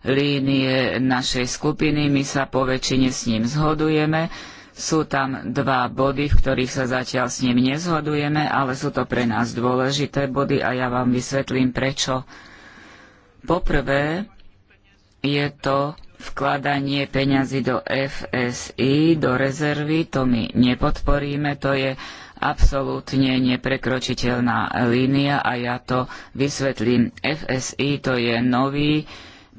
línie našej skupiny. My sa po väčšine s ním zhodujeme. Sú tam dva body, v ktorých sa zatiaľ s ním nezhodujeme, ale sú to pre nás dôležité body a ja vám vysvetlím prečo. Poprvé je to vkladanie peňazí do FSI, do rezervy, to my nepodporíme, to je absolútne neprekročiteľná línia a ja to vysvetlím. FSI to je nový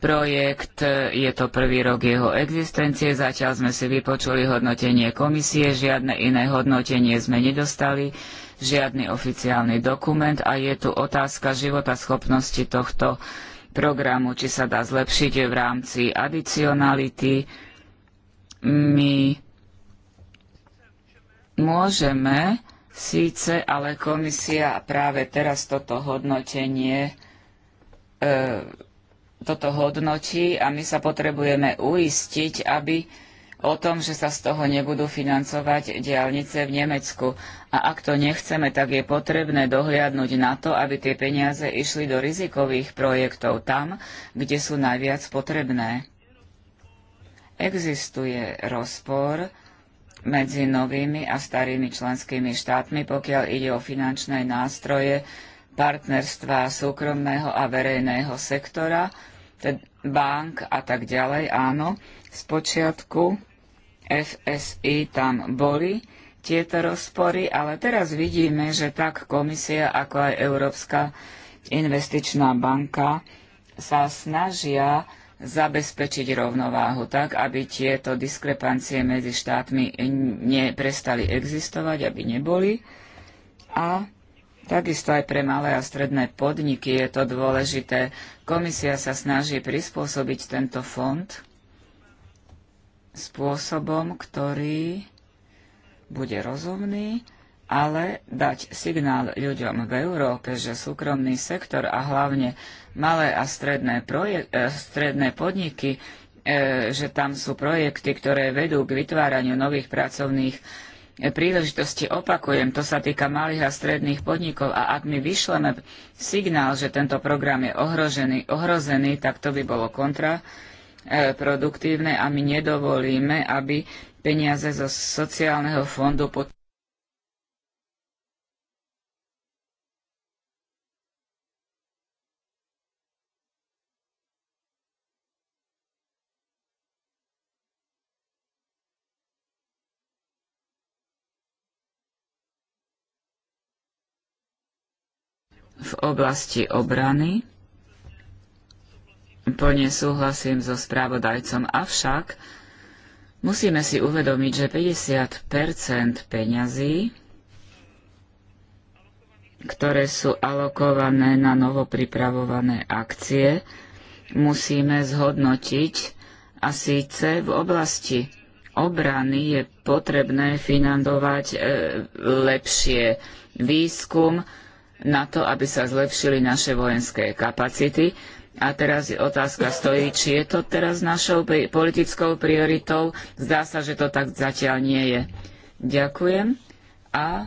projekt. Je to prvý rok jeho existencie, zatiaľ sme si vypočuli hodnotenie komisie, žiadne iné hodnotenie sme nedostali, žiadny oficiálny dokument a je tu otázka životaschopnosti tohto programu, či sa dá zlepšiť v rámci adicionality. My môžeme síce, ale komisia práve teraz toto hodnotenie e, toto hodnotí a my sa potrebujeme uistiť, aby o tom, že sa z toho nebudú financovať diaľnice v Nemecku. A ak to nechceme, tak je potrebné dohliadnúť na to, aby tie peniaze išli do rizikových projektov tam, kde sú najviac potrebné. Existuje rozpor medzi novými a starými členskými štátmi, pokiaľ ide o finančné nástroje partnerstva súkromného a verejného sektora, teda bank a tak ďalej, áno. z počiatku FSI tam boli tieto rozpory, ale teraz vidíme, že tak komisia, ako aj Európska investičná banka sa snažia zabezpečiť rovnováhu tak, aby tieto diskrepancie medzi štátmi neprestali existovať, aby neboli. A Takisto aj pre malé a stredné podniky je to dôležité. Komisia sa snaží prispôsobiť tento fond spôsobom, ktorý bude rozumný, ale dať signál ľuďom v Európe, že súkromný sektor a hlavne malé a stredné, projek- e, stredné podniky, e, že tam sú projekty, ktoré vedú k vytváraniu nových pracovných príležitosti opakujem, to sa týka malých a stredných podnikov a ak my vyšleme signál, že tento program je ohrožený, ohrozený, tak to by bolo kontraproduktívne a my nedovolíme, aby peniaze zo sociálneho fondu pod v oblasti obrany. Plne súhlasím so správodajcom, avšak musíme si uvedomiť, že 50 peňazí, ktoré sú alokované na novopripravované akcie, musíme zhodnotiť a síce v oblasti obrany je potrebné financovať e, lepšie výskum, na to, aby sa zlepšili naše vojenské kapacity. A teraz otázka stojí, či je to teraz našou politickou prioritou. Zdá sa, že to tak zatiaľ nie je. Ďakujem. A e,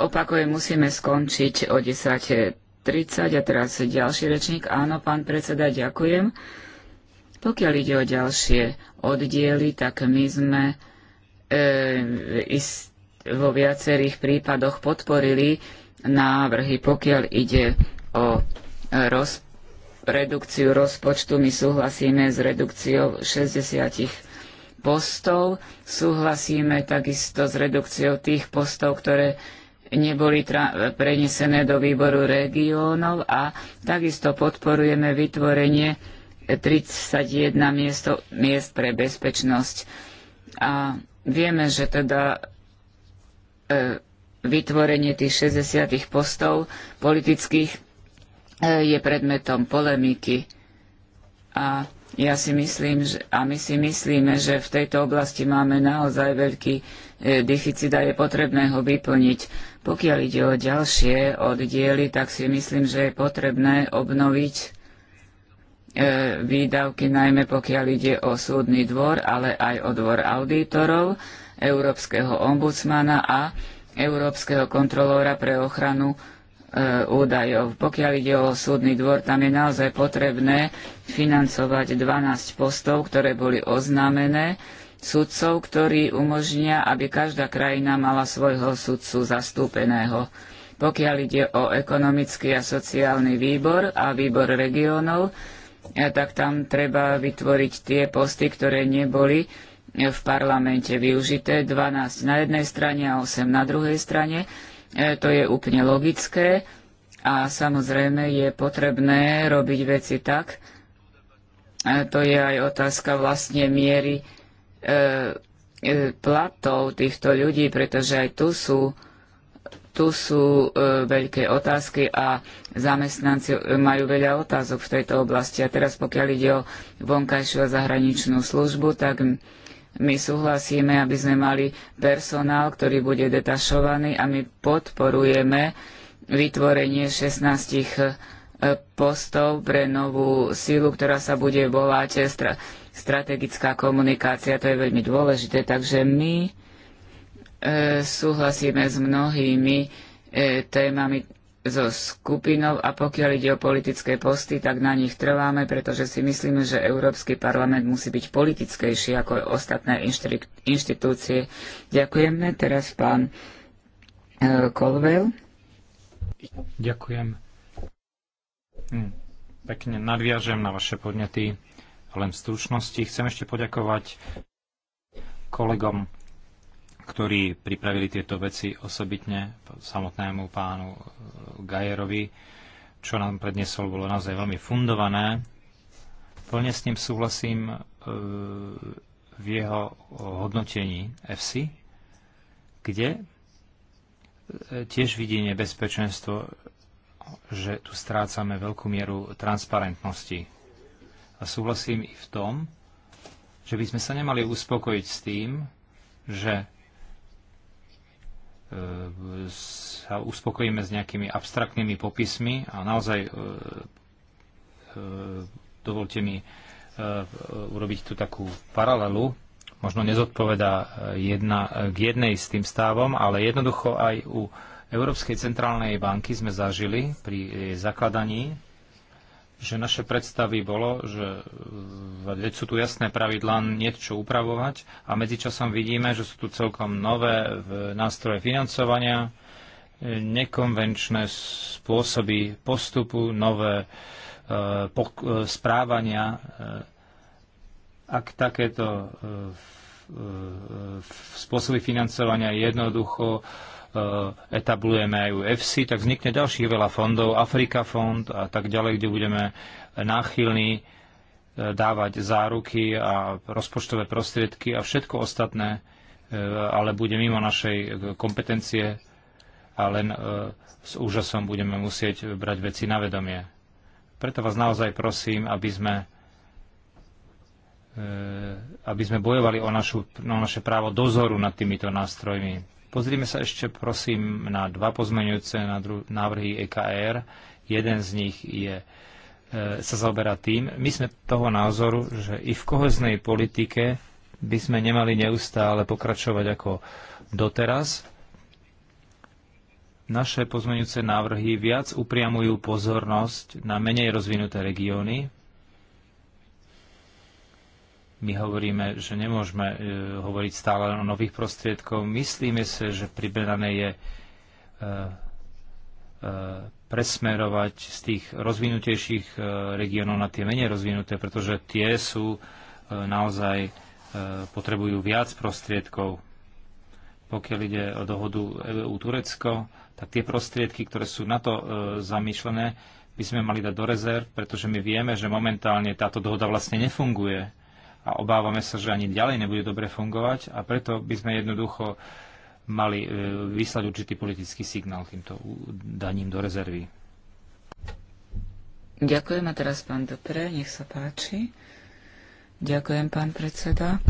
opakujem, musíme skončiť o 10.30 a teraz ďalší rečník. Áno, pán predseda, ďakujem. Pokiaľ ide o ďalšie oddiely, tak my sme e, vo viacerých prípadoch podporili návrhy. Pokiaľ ide o e, roz, redukciu rozpočtu, my súhlasíme s redukciou 60 postov, súhlasíme takisto s redukciou tých postov, ktoré neboli prenesené do výboru regiónov a takisto podporujeme vytvorenie 31 miesto, miest pre bezpečnosť. A vieme, že teda e, vytvorenie tých 60 postov politických e, je predmetom polemiky. A ja si myslím, že, a my si myslíme, že v tejto oblasti máme naozaj veľký e, deficit a je potrebné ho vyplniť. Pokiaľ ide o ďalšie oddiely, tak si myslím, že je potrebné obnoviť e, výdavky, najmä pokiaľ ide o súdny dvor, ale aj o dvor auditorov, európskeho ombudsmana a Európskeho kontrolóra pre ochranu e, údajov. Pokiaľ ide o súdny dvor, tam je naozaj potrebné financovať 12 postov, ktoré boli oznámené sudcov, ktorí umožnia, aby každá krajina mala svojho sudcu zastúpeného. Pokiaľ ide o ekonomický a sociálny výbor a výbor regiónov, e, tak tam treba vytvoriť tie posty, ktoré neboli v parlamente využité, 12 na jednej strane a 8 na druhej strane. E, to je úplne logické a samozrejme je potrebné robiť veci tak. E, to je aj otázka vlastne miery e, platov týchto ľudí, pretože aj tu sú, tu sú veľké otázky a zamestnanci majú veľa otázok v tejto oblasti. A teraz pokiaľ ide o vonkajšiu a zahraničnú službu, tak my súhlasíme, aby sme mali personál, ktorý bude detašovaný a my podporujeme vytvorenie 16 e, postov pre novú sílu, ktorá sa bude volať e, strategická komunikácia. To je veľmi dôležité, takže my e, súhlasíme s mnohými témami so skupinou a pokiaľ ide o politické posty, tak na nich trváme, pretože si myslíme, že Európsky parlament musí byť politickejší ako ostatné inštitúcie. Ďakujeme. Teraz pán Kolvel. E, Ďakujem. Hm, pekne nadviažem na vaše podnety. Len v stručnosti chcem ešte poďakovať kolegom ktorí pripravili tieto veci osobitne samotnému pánu e, Gajerovi. Čo nám predniesol, bolo naozaj veľmi fundované. Plne s ním súhlasím e, v jeho hodnotení FC, kde e, tiež vidí nebezpečenstvo, že tu strácame veľkú mieru transparentnosti. A súhlasím i v tom, že by sme sa nemali uspokojiť s tým, že sa uspokojíme s nejakými abstraktnými popismi a naozaj e, e, dovolte mi e, urobiť tu takú paralelu. Možno nezodpoveda jedna, k jednej s tým stavom, ale jednoducho aj u Európskej centrálnej banky sme zažili pri zakladaní že naše predstavy bolo, že veď sú tu jasné pravidlá, niečo upravovať a medzičasom vidíme, že sú tu celkom nové nástroje financovania, e, nekonvenčné spôsoby postupu, nové e, e, správania. Ak takéto spôsoby financovania jednoducho Eh, etablujeme aj u FC, tak vznikne ďalších veľa fondov, Afrika fond a tak ďalej, kde budeme náchylní eh, dávať záruky a rozpočtové prostriedky a všetko ostatné, eh, ale bude mimo našej kompetencie a len s úžasom budeme musieť brať veci na vedomie. Preto vás naozaj prosím, aby sme aby sme bojovali o, našu, o naše právo dozoru nad týmito nástrojmi Pozrime sa ešte prosím na dva pozmeňujúce návrhy EKR. Jeden z nich je, e, sa zaoberá tým, my sme toho názoru, že i v kohoznej politike by sme nemali neustále pokračovať ako doteraz. Naše pozmeňujúce návrhy viac upriamujú pozornosť na menej rozvinuté regióny, my hovoríme, že nemôžeme e, hovoriť stále o nových prostriedkoch. Myslíme si, že priberané je e, e, presmerovať z tých rozvinutejších e, regiónov na tie menej rozvinuté, pretože tie sú e, naozaj e, potrebujú viac prostriedkov. Pokiaľ ide o dohodu EU-Turecko, tak tie prostriedky, ktoré sú na to zamýšlené, by sme mali dať do rezerv, pretože my vieme, že momentálne táto dohoda vlastne nefunguje a obávame sa, že ani ďalej nebude dobre fungovať a preto by sme jednoducho mali e, vyslať určitý politický signál týmto daním do rezervy. Ďakujem a teraz pán dopre, nech sa páči. Ďakujem, pán predseda.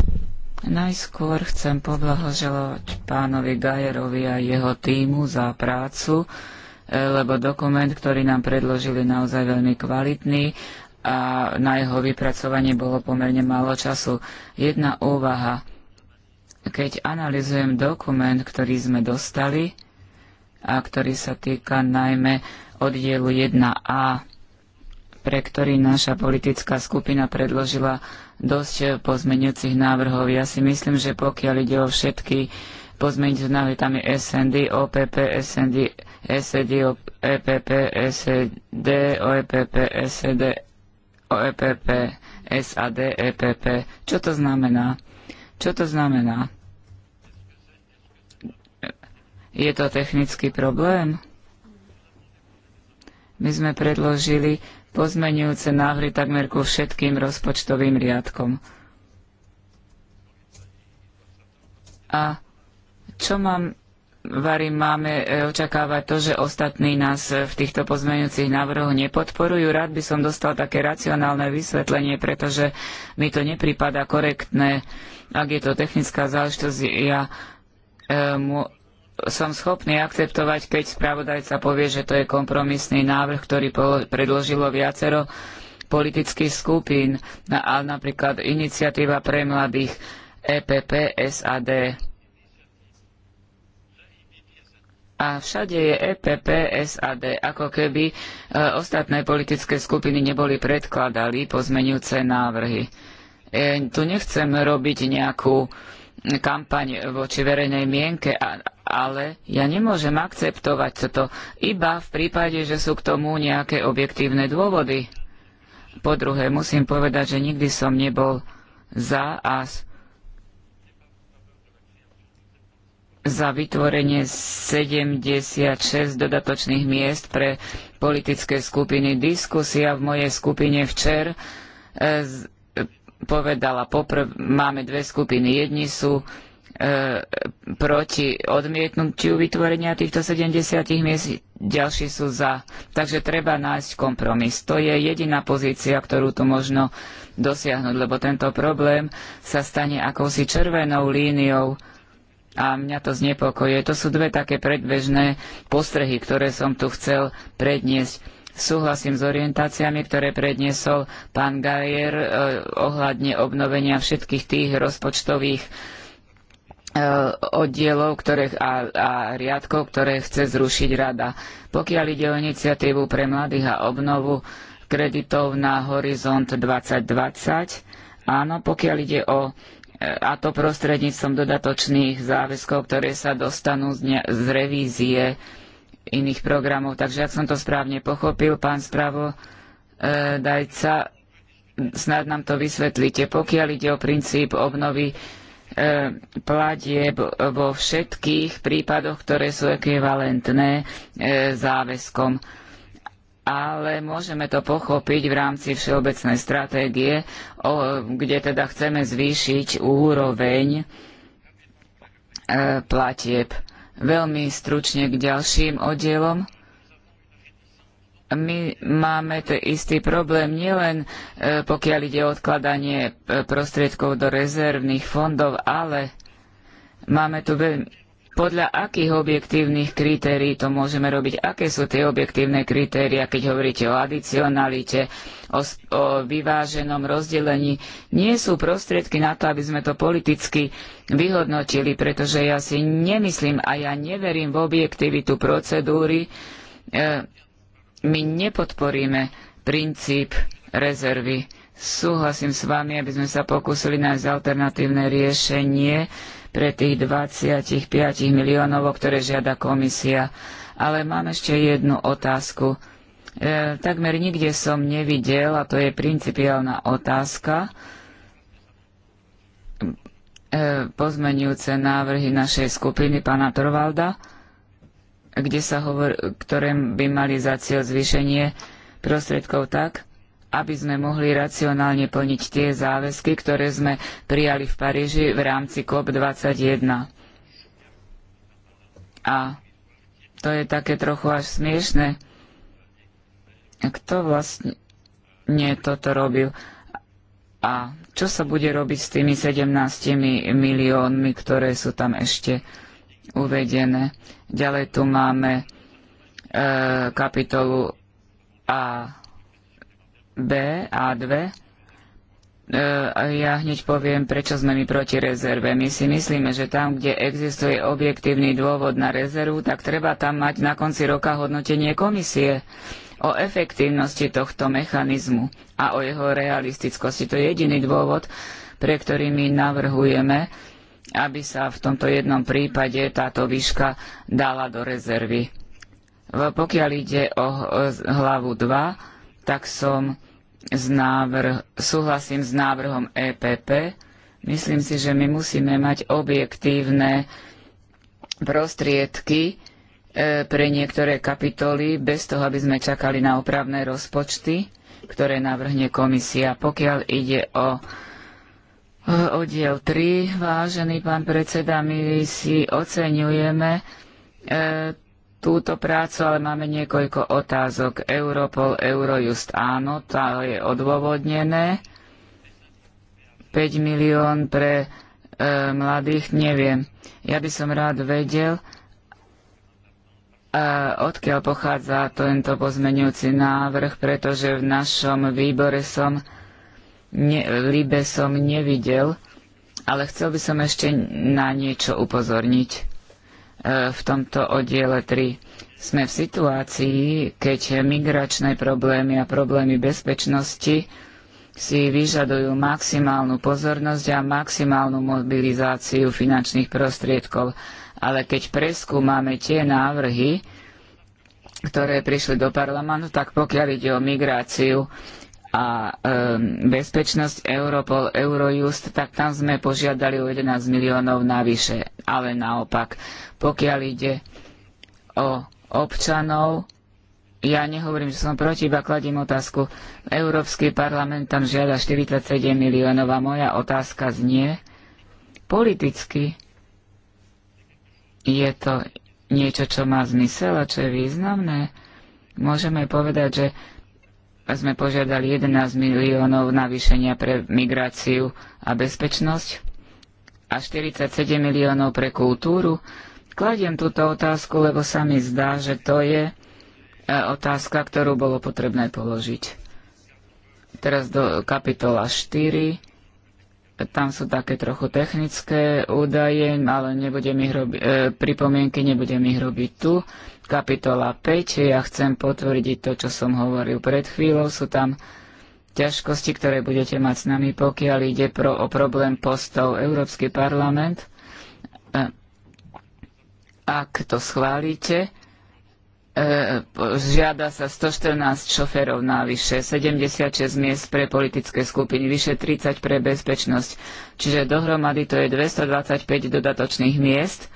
Najskôr chcem poblahoželovať pánovi Gajerovi a jeho týmu za prácu, e, lebo dokument, ktorý nám predložili, naozaj veľmi kvalitný a na jeho vypracovanie bolo pomerne málo času. Jedna úvaha. Keď analizujem dokument, ktorý sme dostali a ktorý sa týka najmä oddielu 1a, pre ktorý naša politická skupina predložila dosť pozmeňujúcich návrhov. Ja si myslím, že pokiaľ ide o všetky pozmeniť návrhy, tam je SND, OPP, SND, SED, EPP, SED, OEPP, SED, o EPP, SAD, EPP. Čo to znamená? Čo to znamená? Je to technický problém? My sme predložili pozmenujúce návrhy takmer ku všetkým rozpočtovým riadkom. A čo mám varím máme e, očakávať to, že ostatní nás e, v týchto pozmeňujúcich návrhoch nepodporujú. Rád by som dostal také racionálne vysvetlenie, pretože mi to nepripada korektné. Ak je to technická záležitosť, ja e, mu, som schopný akceptovať, keď spravodajca povie, že to je kompromisný návrh, ktorý predložilo viacero politických skupín, na, napríklad iniciatíva pre mladých EPP, SAD a všade je EPP, SAD, ako keby e, ostatné politické skupiny neboli predkladali pozmenujúce návrhy. E, tu nechcem robiť nejakú kampaň voči verejnej mienke, a, ale ja nemôžem akceptovať toto iba v prípade, že sú k tomu nejaké objektívne dôvody. Po druhé, musím povedať, že nikdy som nebol za a za vytvorenie 76 dodatočných miest pre politické skupiny. Diskusia v mojej skupine včer e, povedala, poprv, máme dve skupiny. Jedni sú e, proti odmietnutiu vytvorenia týchto 70 miest, ďalší sú za. Takže treba nájsť kompromis. To je jediná pozícia, ktorú tu možno dosiahnuť, lebo tento problém sa stane akousi červenou líniou a mňa to znepokojuje. To sú dve také predbežné postrehy, ktoré som tu chcel predniesť. Súhlasím s orientáciami, ktoré predniesol pán Gajer eh, ohľadne obnovenia všetkých tých rozpočtových e, oddielov ktoré, a, a riadkov, ktoré chce zrušiť rada. Pokiaľ ide o iniciatívu pre mladých a obnovu kreditov na Horizont 2020, áno, pokiaľ ide o a to prostredníctvom dodatočných záväzkov, ktoré sa dostanú z, ne- z revízie iných programov. Takže ak som to správne pochopil, pán spravo, e, dajca, snad nám to vysvetlíte. Pokiaľ ide o princíp obnovy e, platieb vo všetkých prípadoch, ktoré sú ekvivalentné e, záväzkom ale môžeme to pochopiť v rámci všeobecnej stratégie, o, kde teda chceme zvýšiť úroveň e, platieb. Veľmi stručne k ďalším oddielom. My máme ten istý problém nielen e, pokiaľ ide o odkladanie e, prostriedkov do rezervných fondov, ale máme tu veľmi podľa akých objektívnych kritérií to môžeme robiť? Aké sú tie objektívne kritéria, keď hovoríte o adicionalite, o, o vyváženom rozdelení? Nie sú prostriedky na to, aby sme to politicky vyhodnotili, pretože ja si nemyslím a ja neverím v objektivitu procedúry. E, my nepodporíme princíp rezervy. Súhlasím s vami, aby sme sa pokúsili nájsť alternatívne riešenie pre tých 25 miliónov, o ktoré žiada komisia. Ale mám ešte jednu otázku. E, takmer nikde som nevidel, a to je principiálna otázka, e, pozmenujúce návrhy našej skupiny pána Torvalda, kde sa hovor, ktoré by mali za cieľ zvýšenie prostriedkov tak, aby sme mohli racionálne plniť tie záväzky, ktoré sme prijali v Paríži v rámci COP21. A to je také trochu až smiešne. Kto vlastne toto robil? A čo sa bude robiť s tými 17 miliónmi, ktoré sú tam ešte uvedené? Ďalej tu máme e, kapitolu A B e, a 2 ja hneď poviem, prečo sme my proti rezerve. My si myslíme, že tam, kde existuje objektívny dôvod na rezervu, tak treba tam mať na konci roka hodnotenie komisie o efektívnosti tohto mechanizmu a o jeho realistickosti. To je jediný dôvod, pre ktorý my navrhujeme, aby sa v tomto jednom prípade táto výška dala do rezervy. Pokiaľ ide o hlavu 2, tak som s návrh, súhlasím s návrhom EPP. Myslím si, že my musíme mať objektívne prostriedky e, pre niektoré kapitoly bez toho, aby sme čakali na opravné rozpočty, ktoré navrhne komisia. Pokiaľ ide o e, oddiel 3, vážený pán predseda, my si oceňujeme e, túto prácu, ale máme niekoľko otázok. Europol, Eurojust, áno, to je odôvodnené. 5 milión pre e, mladých, neviem. Ja by som rád vedel, e, odkiaľ pochádza tento pozmenujúci návrh, pretože v našom výbore som, ne, Libe som nevidel, ale chcel by som ešte na niečo upozorniť. E, v tomto oddiele 3. Sme v situácii, keď migračné problémy a problémy bezpečnosti si vyžadujú maximálnu pozornosť a maximálnu mobilizáciu finančných prostriedkov. Ale keď preskúmame tie návrhy, ktoré prišli do parlamentu, tak pokiaľ ide o migráciu a um, bezpečnosť Europol, Eurojust, tak tam sme požiadali o 11 miliónov navyše. Ale naopak, pokiaľ ide o občanov, ja nehovorím, že som proti, iba kladím otázku. Európsky parlament tam žiada 47 miliónov a moja otázka znie, politicky je to niečo, čo má zmysel a čo je významné. Môžeme povedať, že sme požiadali 11 miliónov navýšenia pre migráciu a bezpečnosť a 47 miliónov pre kultúru. Kladiem túto otázku, lebo sa mi zdá, že to je e, otázka, ktorú bolo potrebné položiť. Teraz do kapitola 4. Tam sú také trochu technické údaje, ale nebudem ich robi- e, pripomienky nebudem ich robiť tu. Kapitola 5. Ja chcem potvrdiť to, čo som hovoril pred chvíľou. Sú tam ťažkosti, ktoré budete mať s nami, pokiaľ ide pro, o problém postov Európsky parlament ak to schválite, e, žiada sa 114 šoferov navyše, 76 miest pre politické skupiny, vyše 30 pre bezpečnosť. Čiže dohromady to je 225 dodatočných miest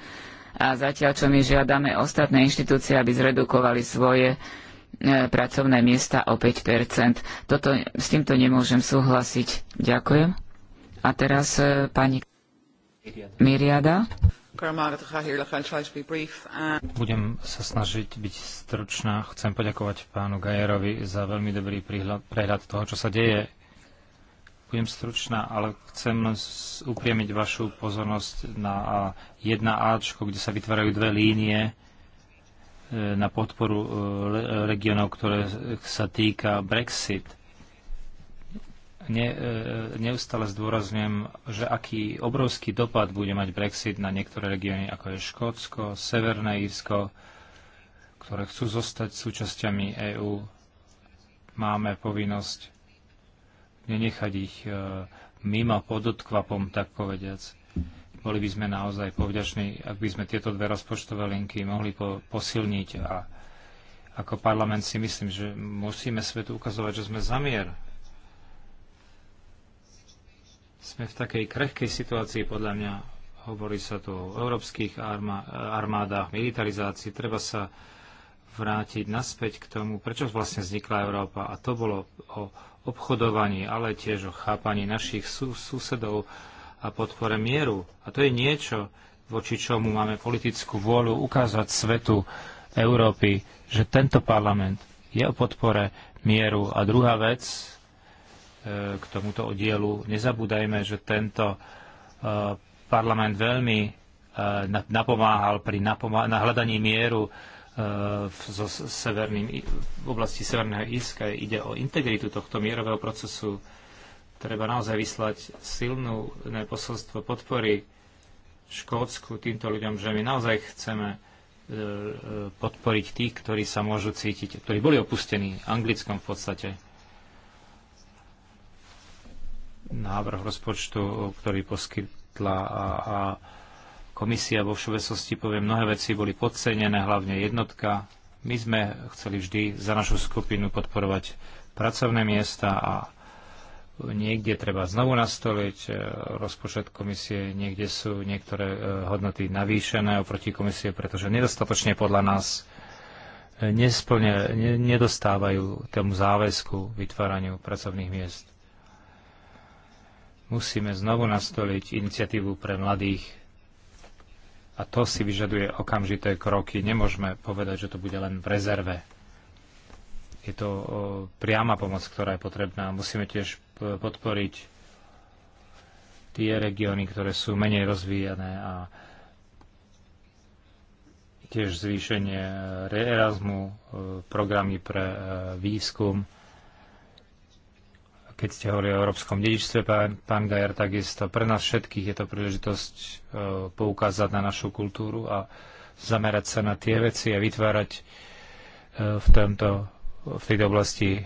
a zatiaľ, čo my žiadame ostatné inštitúcie, aby zredukovali svoje e, pracovné miesta o 5 Toto, S týmto nemôžem súhlasiť. Ďakujem. A teraz e, pani Miriada. Budem sa snažiť byť stručná. Chcem poďakovať pánu Gajerovi za veľmi dobrý prehľad toho, čo sa deje. Budem stručná, ale chcem upriemiť vašu pozornosť na 1 Ačko, kde sa vytvárajú dve línie e, na podporu e, regionov, ktoré sa týka Brexit ne, e, neustále zdôrazňujem, že aký obrovský dopad bude mať Brexit na niektoré regióny, ako je Škótsko, Severné Írsko, ktoré chcú zostať súčasťami EÚ. Máme povinnosť nenechať ich e, mimo pod odkvapom, tak povediac. Boli by sme naozaj povďační, ak by sme tieto dve rozpočtové linky mohli po, posilniť a ako parlament si myslím, že musíme svetu ukazovať, že sme zamier sme v takej krehkej situácii, podľa mňa, hovorí sa tu o európskych armádach, militarizácii, treba sa vrátiť naspäť k tomu, prečo vlastne vznikla Európa. A to bolo o obchodovaní, ale tiež o chápaní našich sú, susedov a podpore mieru. A to je niečo, voči čomu máme politickú vôľu ukázať svetu Európy, že tento parlament je o podpore mieru. A druhá vec, E, k tomuto oddielu Nezabúdajme, že tento e, parlament veľmi e, napomáhal pri napomá- hľadaní mieru v, so severným, v oblasti Severného Írska. Ide o integritu tohto mierového procesu. Treba naozaj vyslať silnú posolstvo podpory Škótsku týmto ľuďom, že my naozaj chceme podporiť tých, ktorí sa môžu cítiť, ktorí boli opustení Anglickom v podstate návrh rozpočtu, ktorý poskytla a, a komisia vo všeobecnosti, poviem, mnohé veci boli podcenené, hlavne jednotka. My sme chceli vždy za našu skupinu podporovať pracovné miesta a niekde treba znovu nastoliť e, rozpočet komisie, niekde sú niektoré e, hodnoty navýšené oproti komisie, pretože nedostatočne podľa nás e, nesplne, nedostávajú tomu záväzku vytváraniu pracovných miest. Musíme znovu nastoliť iniciatívu pre mladých a to si vyžaduje okamžité kroky. Nemôžeme povedať, že to bude len v rezerve. Je to priama pomoc, ktorá je potrebná. Musíme tiež podporiť tie regióny, ktoré sú menej rozvíjané a tiež zvýšenie Erasmu, e, programy pre e, výskum keď ste hovorili o európskom dedičstve, pán, pán Gajar, takisto pre nás všetkých je to príležitosť e, poukázať na našu kultúru a zamerať sa na tie veci a vytvárať e, v, tomto, v tejto oblasti e, e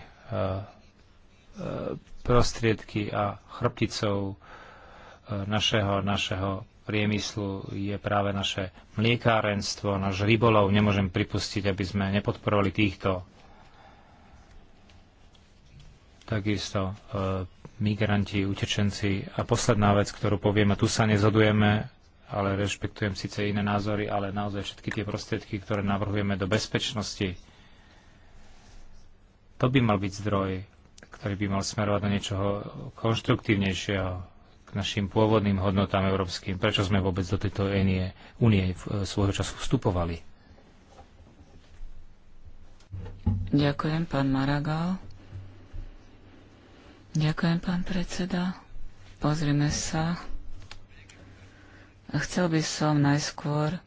prostriedky a chrbticou e, našeho, našeho priemyslu je práve naše mliekárenstvo, náš rybolov. Nemôžem pripustiť, aby sme nepodporovali týchto takisto e, migranti, utečenci. A posledná vec, ktorú poviem, a tu sa nezhodujeme, ale rešpektujem síce iné názory, ale naozaj všetky tie prostriedky, ktoré navrhujeme do bezpečnosti, to by mal byť zdroj, ktorý by mal smerovať do niečoho konštruktívnejšieho, k našim pôvodným hodnotám európskym. Prečo sme vôbec do tejto enie, únie e, svojho času vstupovali? Ďakujem, pán Maragal. Ďakujem, pán predseda. Pozrime sa. Chcel by som najskôr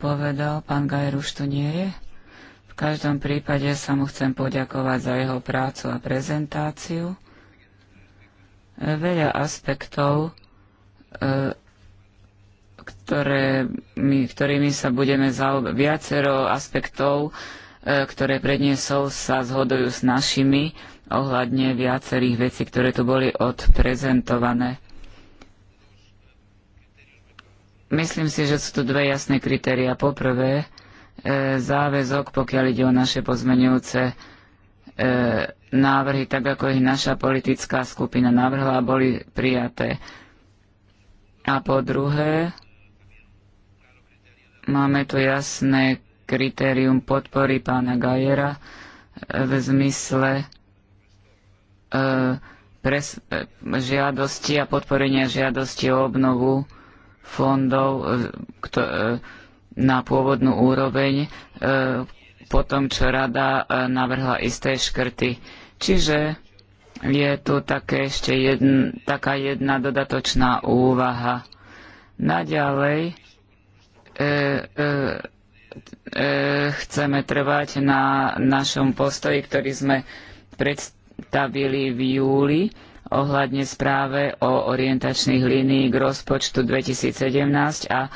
povedal, pán Gajer už tu nie je. V každom prípade sa mu chcem poďakovať za jeho prácu a prezentáciu. Veľa aspektov, e, ktoré my, ktorými sa budeme zaoberať, viacero aspektov, e, ktoré predniesol, sa zhodujú s našimi ohľadne viacerých vecí, ktoré tu boli odprezentované. Myslím si, že sú tu dve jasné kritéria. Poprvé, e, záväzok, pokiaľ ide o naše pozmenujúce e, návrhy, tak ako ich naša politická skupina navrhla, boli prijaté. A po druhé, máme tu jasné kritérium podpory pána Gajera e, v zmysle E, pres, e, žiadosti a podporenia žiadosti o obnovu fondov e, na pôvodnú úroveň po tom, čo rada navrhla isté škrty. Čiže je tu také ešte jedn, taká jedna dodatočná úvaha. Naďalej e, e, e, chceme trvať na našom postoji, ktorý sme predstavili tabili v júli ohľadne správe o orientačných línií k rozpočtu 2017 a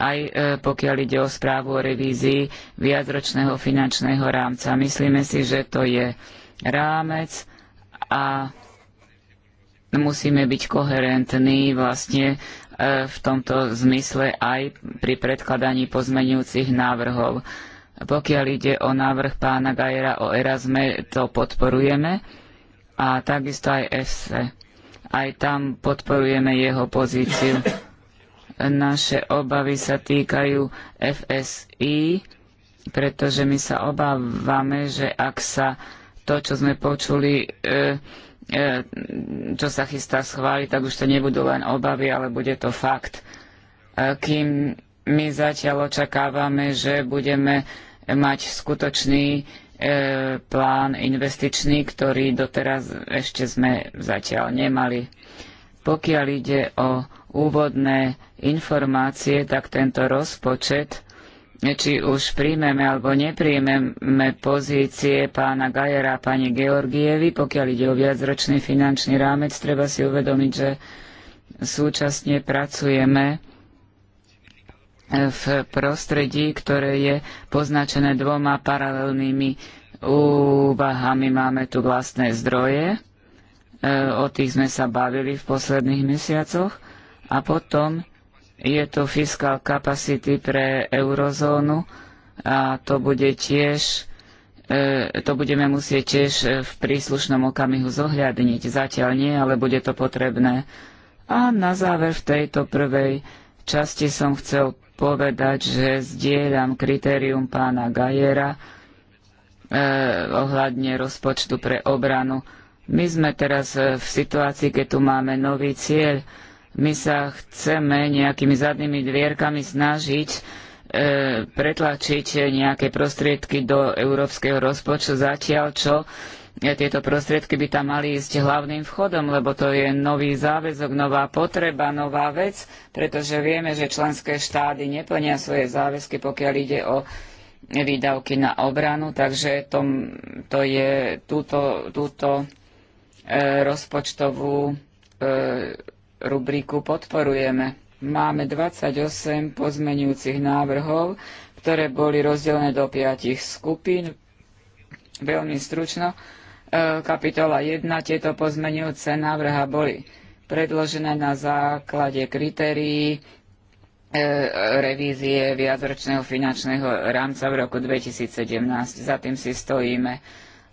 aj e, pokiaľ ide o správu o revízii viacročného finančného rámca. Myslíme si, že to je rámec a musíme byť koherentní vlastne e, v tomto zmysle aj pri predkladaní pozmenujúcich návrhov. Pokiaľ ide o návrh pána Gajera o Erasme, to podporujeme a takisto aj FC. E. Aj tam podporujeme jeho pozíciu. Naše obavy sa týkajú FSI, pretože my sa obávame, že ak sa to, čo sme počuli, e, e, čo sa chystá schváliť, tak už to nebudú len obavy, ale bude to fakt. E, kým my zatiaľ očakávame, že budeme mať skutočný E, plán investičný, ktorý doteraz ešte sme zatiaľ nemali. Pokiaľ ide o úvodné informácie, tak tento rozpočet, či už príjmeme alebo nepríjmeme pozície pána Gajera a pani Georgievi, pokiaľ ide o viacročný finančný rámec, treba si uvedomiť, že súčasne pracujeme v prostredí, ktoré je poznačené dvoma paralelnými úvahami. Máme tu vlastné zdroje, e, o tých sme sa bavili v posledných mesiacoch, a potom je tu fiskal capacity pre eurozónu a to bude tiež e, to budeme musieť tiež v príslušnom okamihu zohľadniť. Zatiaľ nie, ale bude to potrebné. A na záver v tejto prvej časti som chcel povedať, že zdieľam kritérium pána Gajera eh, ohľadne rozpočtu pre obranu. My sme teraz e, v situácii, keď tu máme nový cieľ. My sa chceme nejakými zadnými dvierkami snažiť e, pretlačiť nejaké prostriedky do európskeho rozpočtu zatiaľ, čo tieto prostriedky by tam mali ísť hlavným vchodom, lebo to je nový záväzok, nová potreba, nová vec, pretože vieme, že členské štády neplnia svoje záväzky, pokiaľ ide o výdavky na obranu, takže to, to je túto, túto e, rozpočtovú e, rubriku podporujeme. Máme 28 pozmenujúcich návrhov, ktoré boli rozdelené do piatich skupín. Veľmi stručno kapitola 1. Tieto pozmenujúce návrha boli predložené na základe kritérií e, revízie viacročného finančného rámca v roku 2017. Za tým si stojíme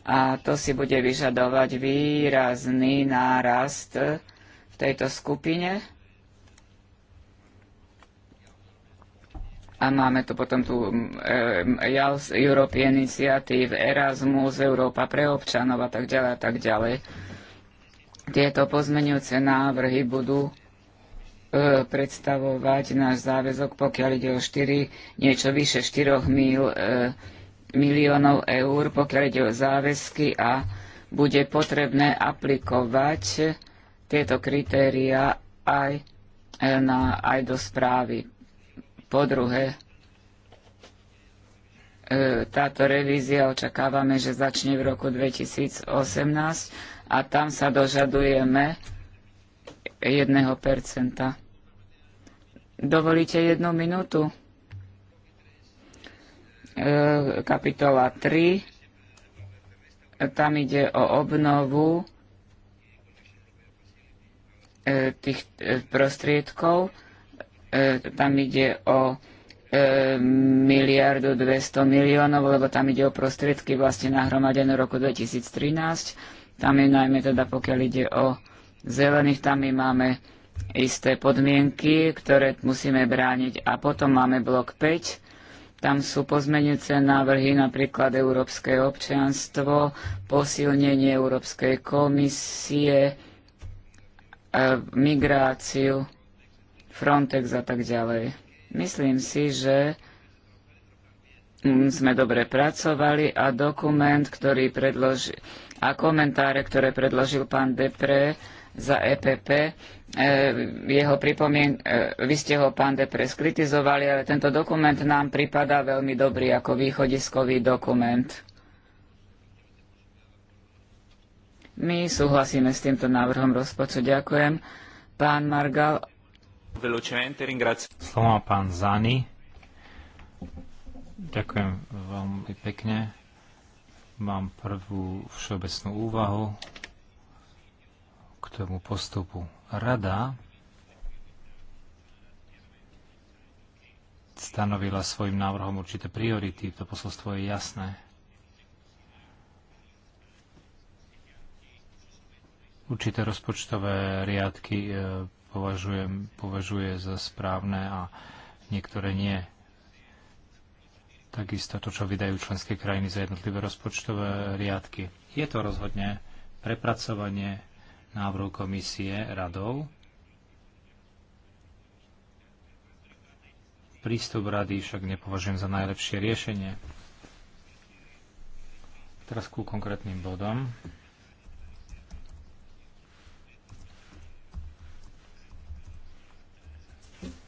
a to si bude vyžadovať výrazný nárast v tejto skupine A máme tu potom tu mm, JALS, European Initiative, Erasmus, Európa pre občanov a tak ďalej a tak ďalej. Tieto pozmeňujúce návrhy budú e, predstavovať náš záväzok, pokiaľ ide o 4, niečo vyše 4 mil, e, miliónov eur, pokiaľ ide o záväzky a bude potrebné aplikovať tieto kritéria aj, e, na, aj do správy po druhé, e, táto revízia očakávame, že začne v roku 2018 a tam sa dožadujeme 1%. Dovolíte jednu minútu? E, kapitola 3. Tam ide o obnovu e, tých prostriedkov E, tam ide o e, miliardu 200 miliónov, lebo tam ide o prostriedky vlastne nahromadené v roku 2013. Tam je najmä teda, pokiaľ ide o zelených, tam my máme isté podmienky, ktoré musíme brániť. A potom máme blok 5, tam sú pozmenujúce návrhy, napríklad európske občianstvo, posilnenie Európskej komisie, e, migráciu Frontex a tak ďalej. Myslím si, že sme dobre pracovali a dokument, ktorý predložil a komentáre, ktoré predložil pán Depre za EPP, eh, jeho pripomien- eh, vy ste ho, pán Depre, skritizovali, ale tento dokument nám pripadá veľmi dobrý ako východiskový dokument. My súhlasíme s týmto návrhom rozpočtu. Ďakujem. Pán Margal, Slovo má pán Zany. Ďakujem veľmi pekne. Mám prvú všeobecnú úvahu k tomu postupu. Rada stanovila svojim návrhom určité priority. To posolstvo je jasné. Určité rozpočtové riadky e, považuje, považuje za správne a niektoré nie. Takisto to, čo vydajú členské krajiny za jednotlivé rozpočtové riadky. Je to rozhodne prepracovanie návrhu komisie radov. Prístup rady však nepovažujem za najlepšie riešenie. Teraz ku konkrétnym bodom.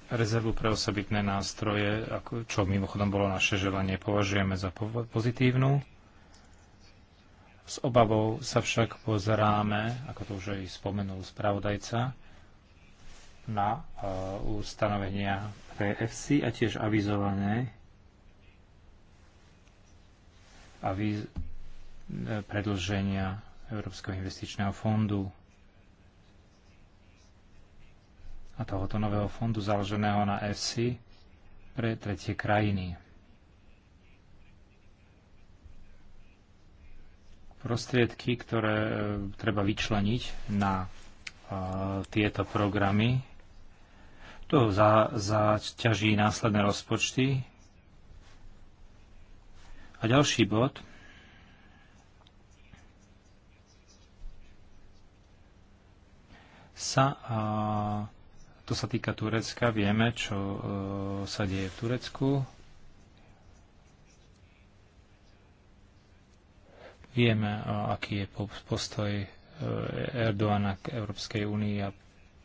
rezervu pre osobitné nástroje, čo mimochodom bolo naše želanie, považujeme za pozitívnu. S obavou sa však pozeráme, ako to už aj spomenul spravodajca, na e, ustanovenia pre FC a tiež avizované aviz, e, predlženia Európskeho investičného fondu a tohoto nového fondu založeného na FC pre tretie krajiny. Prostriedky, ktoré e, treba vyčleniť na e, tieto programy, to zaťaží následné rozpočty. A ďalší bod – sa to sa týka Turecka, vieme, čo e, sa deje v Turecku. Vieme, e, aký je postoj e, Erdoána k Európskej únii a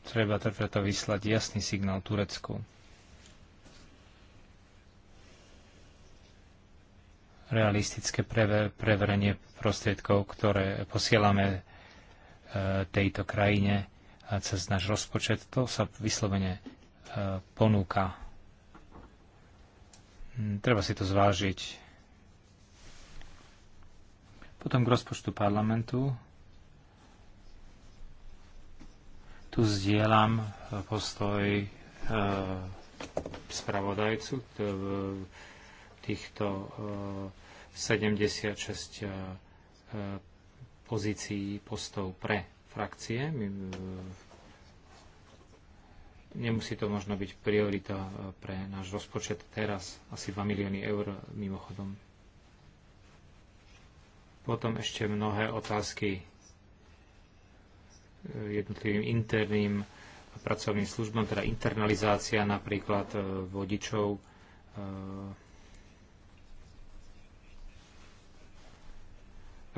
treba preto vyslať jasný signál Turecku. realistické prever, preverenie prostriedkov, ktoré posielame e, tejto krajine cez náš rozpočet. To sa vyslovene e, ponúka. Hm, treba si to zvážiť. Potom k rozpočtu parlamentu. Tu zdieľam e, postoj e, spravodajcu týchto 76 pozícií postov pre frakcie. E, nemusí to možno byť priorita e, pre náš rozpočet teraz, asi 2 milióny eur mimochodom. Potom ešte mnohé otázky e, jednotlivým interným pracovným službám, teda internalizácia napríklad vodičov,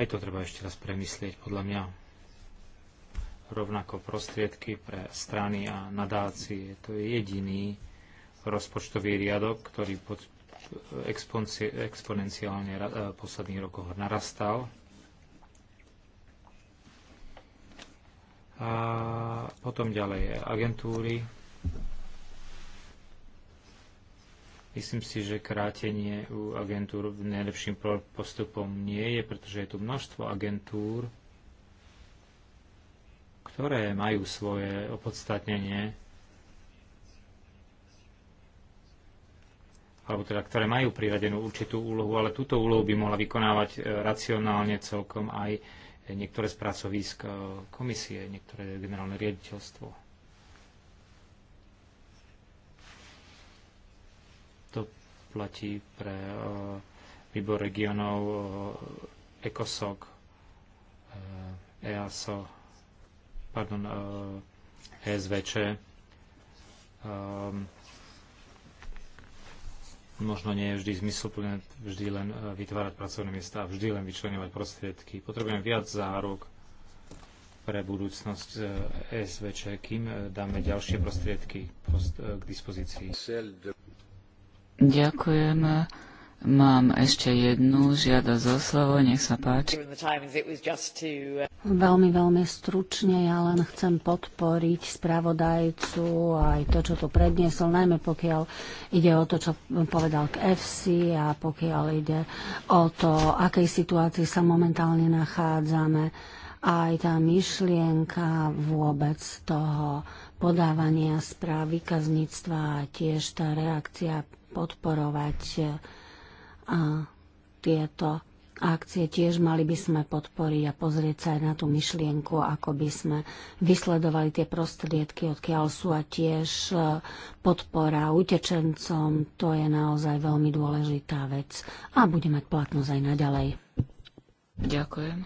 aj to treba ešte raz premyslieť, podľa mňa rovnako prostriedky pre strany a nadácie. To je jediný rozpočtový riadok, ktorý pod, exponenciálne v e, posledných rokoch narastal. A potom ďalej agentúry. Myslím si, že krátenie u agentúr najlepším postupom nie je, pretože je tu množstvo agentúr, ktoré majú svoje opodstatnenie, alebo teda ktoré majú priradenú určitú úlohu, ale túto úlohu by mohla vykonávať e, racionálne celkom aj niektoré z pracovísk e, komisie, niektoré generálne riaditeľstvo. To platí pre e, výbor regionov ECOSOC, EASO, pardon, uh, eh, SVČ. Um, ehm, Možno nie je vždy zmysluplné vždy len uh, vytvárať pracovné miesta a vždy len vyčlenovať prostriedky. Potrebujem viac zárok pre budúcnosť uh, eh, SVČ, kým uh, dáme ďalšie prostriedky uh, k dispozícii. Ďakujem. Mám ešte jednu žiadosť o slovo, nech sa páči. Uh, veľmi, veľmi stručne, ja len chcem podporiť spravodajcu aj to, čo tu predniesol, najmä pokiaľ ide o to, čo povedal k FC a pokiaľ ide o to, akej situácii sa momentálne nachádzame. Aj tá myšlienka vôbec toho podávania správ, vykazníctva, a tiež tá reakcia podporovať a tieto akcie tiež mali by sme podporiť a pozrieť sa aj na tú myšlienku, ako by sme vysledovali tie prostriedky, odkiaľ sú a tiež e, podpora utečencom, to je naozaj veľmi dôležitá vec a bude mať platnosť aj naďalej. Ďakujem.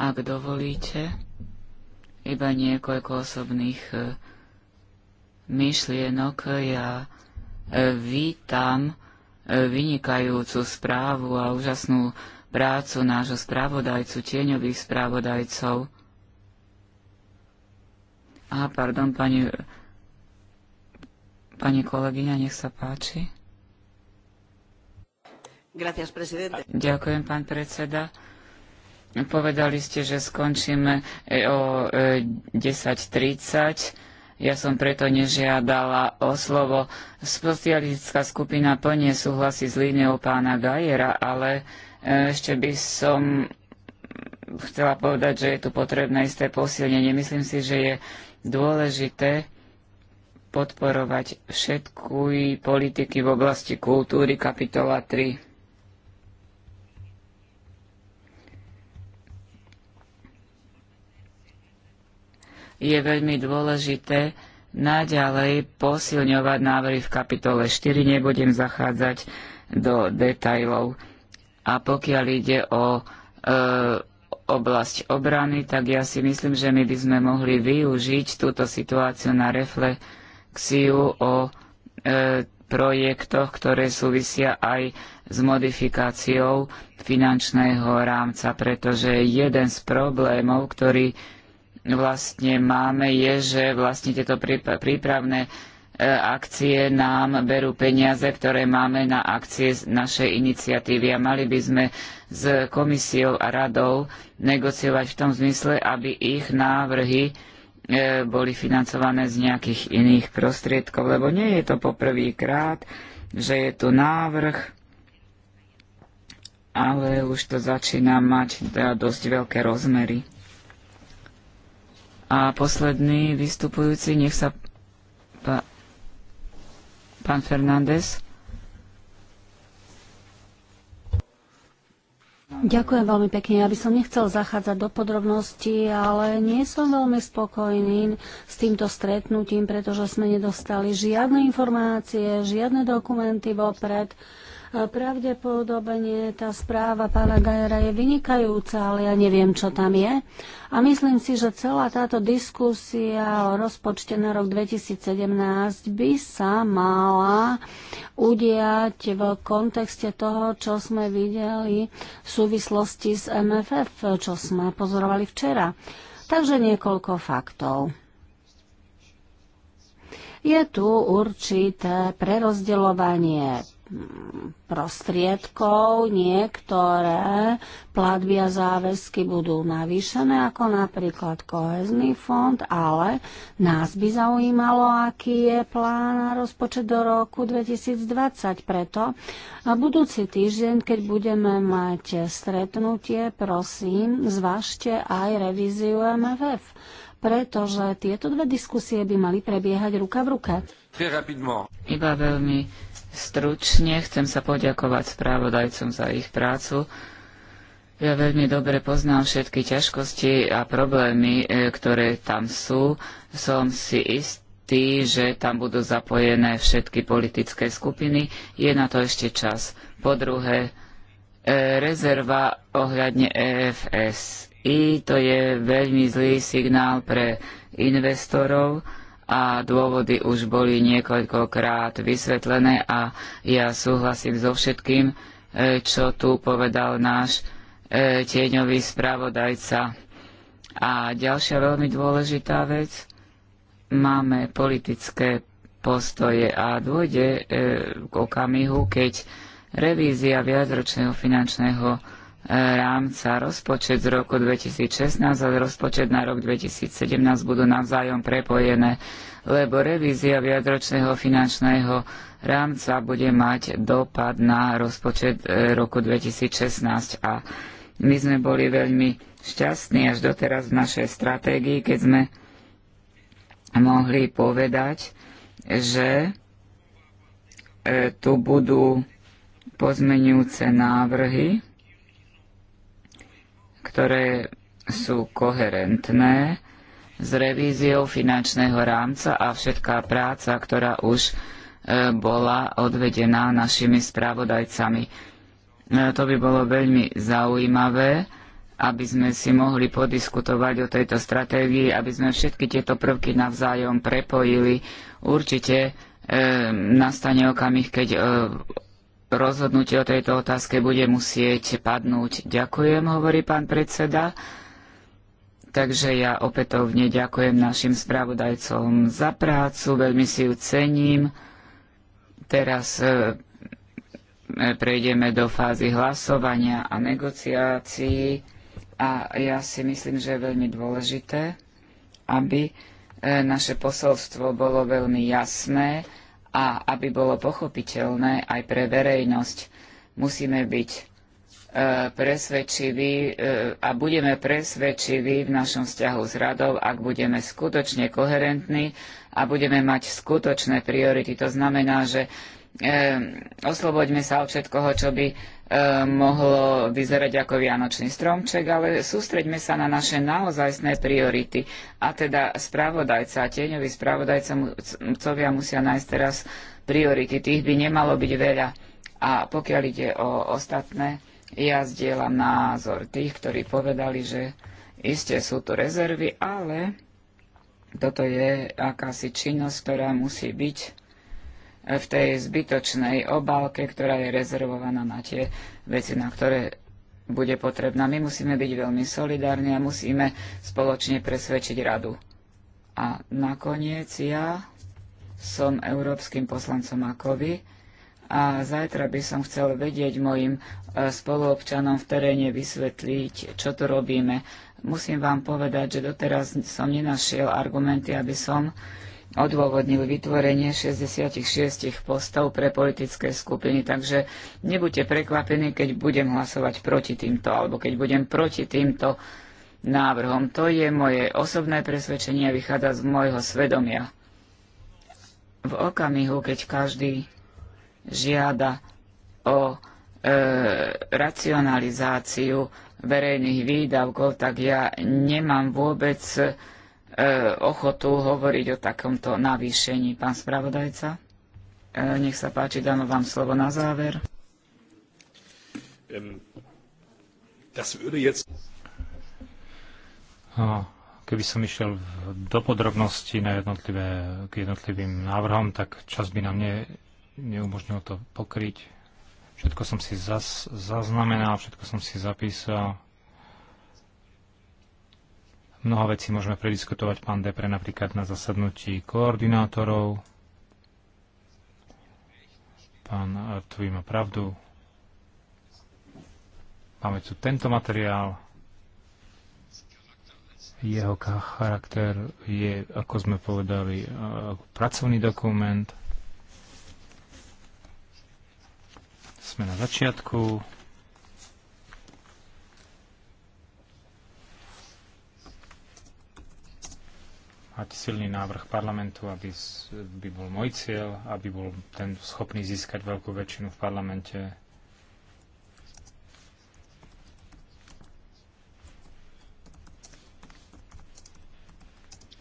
Ak dovolíte, iba niekoľko osobných e, myšlienok. Ja e, vítam vynikajúcu správu a úžasnú prácu nášho správodajcu, tieňových správodajcov. A pardon, pani, pani kolegyňa, nech sa páči. Gracias, Ďakujem, pán predseda. Povedali ste, že skončíme o 10.30 e, ja som preto nežiadala o slovo. Socialistická skupina plne súhlasí s líniou pána Gajera, ale e, ešte by som chcela povedať, že je tu potrebné isté posilnenie. Myslím si, že je dôležité podporovať všetky politiky v oblasti kultúry, kapitola 3. je veľmi dôležité naďalej posilňovať návrhy v kapitole 4. Nebudem zachádzať do detajlov. A pokiaľ ide o e, oblasť obrany, tak ja si myslím, že my by sme mohli využiť túto situáciu na reflexiu o e, projektoch, ktoré súvisia aj s modifikáciou finančného rámca, pretože jeden z problémov, ktorý vlastne máme, je, že vlastne tieto prípravné e, akcie nám berú peniaze, ktoré máme na akcie z našej iniciatívy a mali by sme s komisiou a radou negociovať v tom zmysle, aby ich návrhy e, boli financované z nejakých iných prostriedkov, lebo nie je to poprvýkrát, že je tu návrh, ale už to začína mať teda dosť veľké rozmery. A posledný vystupujúci, nech sa pa, pán Fernández. Ďakujem veľmi pekne. Ja by som nechcel zachádzať do podrobností, ale nie som veľmi spokojný s týmto stretnutím, pretože sme nedostali žiadne informácie, žiadne dokumenty vopred. Pravdepodobne tá správa pána Gajera je vynikajúca, ale ja neviem, čo tam je. A myslím si, že celá táto diskusia o rozpočte na rok 2017 by sa mala udiať v kontexte toho, čo sme videli v súvislosti s MFF, čo sme pozorovali včera. Takže niekoľko faktov je tu určité prerozdeľovanie prostriedkov. Niektoré platby a záväzky budú navýšené, ako napríklad kohezný fond, ale nás by zaujímalo, aký je plán a rozpočet do roku 2020. Preto a budúci týždeň, keď budeme mať stretnutie, prosím, zvažte aj revíziu MFF pretože tieto dve diskusie by mali prebiehať ruka v ruke. Iba veľmi Stručne chcem sa poďakovať správodajcom za ich prácu. Ja veľmi dobre poznám všetky ťažkosti a problémy, e, ktoré tam sú. Som si istý, že tam budú zapojené všetky politické skupiny. Je na to ešte čas. Po druhé, e, rezerva ohľadne EFSI, to je veľmi zlý signál pre investorov, a dôvody už boli niekoľkokrát vysvetlené a ja súhlasím so všetkým, e, čo tu povedal náš e, tieňový spravodajca. A ďalšia veľmi dôležitá vec, máme politické postoje a dôjde e, k okamihu, keď revízia viacročného finančného rámca. Rozpočet z roku 2016 a rozpočet na rok 2017 budú navzájom prepojené, lebo revízia viadročného finančného rámca bude mať dopad na rozpočet e, roku 2016 a my sme boli veľmi šťastní až doteraz v našej stratégii, keď sme mohli povedať, že e, tu budú pozmenujúce návrhy ktoré sú koherentné s revíziou finančného rámca a všetká práca, ktorá už e, bola odvedená našimi spravodajcami. E, to by bolo veľmi zaujímavé, aby sme si mohli podiskutovať o tejto stratégii, aby sme všetky tieto prvky navzájom prepojili. Určite e, nastane okamih, keď e, rozhodnutie o tejto otázke bude musieť padnúť. Ďakujem, hovorí pán predseda. Takže ja opätovne ďakujem našim spravodajcom za prácu, veľmi si ju cením. Teraz e, e prejdeme do fázy hlasovania a negociácií a ja si myslím, že je veľmi dôležité, aby e, naše posolstvo bolo veľmi jasné a aby bolo pochopiteľné aj pre verejnosť. Musíme byť e, presvedčiví e, a budeme presvedčiví v našom vzťahu s radou, ak budeme skutočne koherentní a budeme mať skutočné priority. To znamená, že Ehm, osloboďme sa od všetkoho, čo by ehm, mohlo vyzerať ako vianočný stromček, ale sústreďme sa na naše naozajstné priority. A teda spravodajca a tieňoví spravodajcovia musia nájsť teraz priority. Tých by nemalo byť veľa. A pokiaľ ide o ostatné, ja zdieľam názor tých, ktorí povedali, že iste sú tu rezervy, ale toto je akási činnosť, ktorá musí byť v tej zbytočnej obálke, ktorá je rezervovaná na tie veci, na ktoré bude potrebná. My musíme byť veľmi solidárni a musíme spoločne presvedčiť radu. A nakoniec ja som európskym poslancom ako vy a zajtra by som chcel vedieť mojim e, spoluobčanom v teréne vysvetliť, čo tu robíme. Musím vám povedať, že doteraz som nenašiel argumenty, aby som odôvodnil vytvorenie 66 postov pre politické skupiny. Takže nebuďte prekvapení, keď budem hlasovať proti týmto, alebo keď budem proti týmto návrhom. To je moje osobné presvedčenie a vychádza z môjho svedomia. V okamihu, keď každý žiada o e, racionalizáciu verejných výdavkov, tak ja nemám vôbec E, ochotu hovoriť o takomto navýšení. Pán spravodajca, e, nech sa páči, dám vám slovo na záver. No, keby som išiel do podrobností na jednotlivé, k jednotlivým návrhom, tak čas by nám ne, neumožnil to pokryť. Všetko som si zas, zaznamenal, všetko som si zapísal. Mnoho vecí môžeme prediskutovať, pán Depre, napríklad na zasadnutí koordinátorov. Pán Artuji má pravdu. Máme tu tento materiál. Jeho charakter je, ako sme povedali, e, pracovný dokument. Sme na začiatku. mať silný návrh parlamentu, aby by bol môj cieľ, aby bol ten schopný získať veľkú väčšinu v parlamente.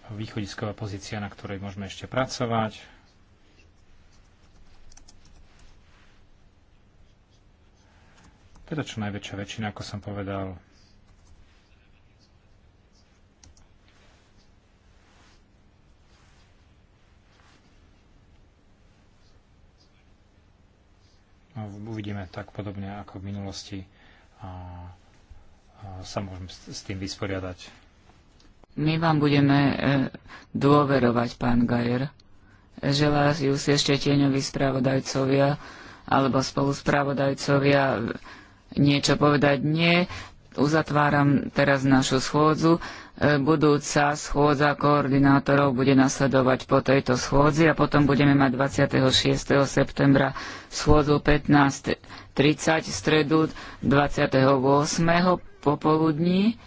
Východisková pozícia, na ktorej môžeme ešte pracovať. Teda čo najväčšia väčšina, ako som povedal, No, uvidíme tak podobne ako v minulosti a, a sa môžeme s tým vysporiadať. My vám budeme e, dôverovať, pán Gajer. Želajú si ešte tieňoví správodajcovia alebo spoluspravodajcovia niečo povedať. Nie, uzatváram teraz našu schôdzu budúca schôdza koordinátorov bude nasledovať po tejto schôdzi a potom budeme mať 26. septembra schôdzu 15.30 v stredu 28. popoludní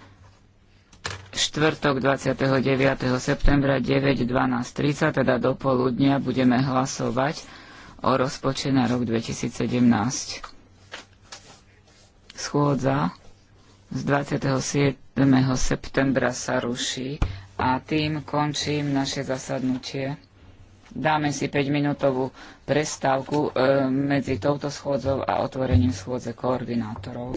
štvrtok 29. septembra 9.12.30, teda do poludnia budeme hlasovať o rozpočte na rok 2017. Schôdza z 27 septembra sa ruší a tým končím naše zasadnutie. Dáme si 5-minútovú prestávku e, medzi touto schôdzou a otvorením schôdze koordinátorov.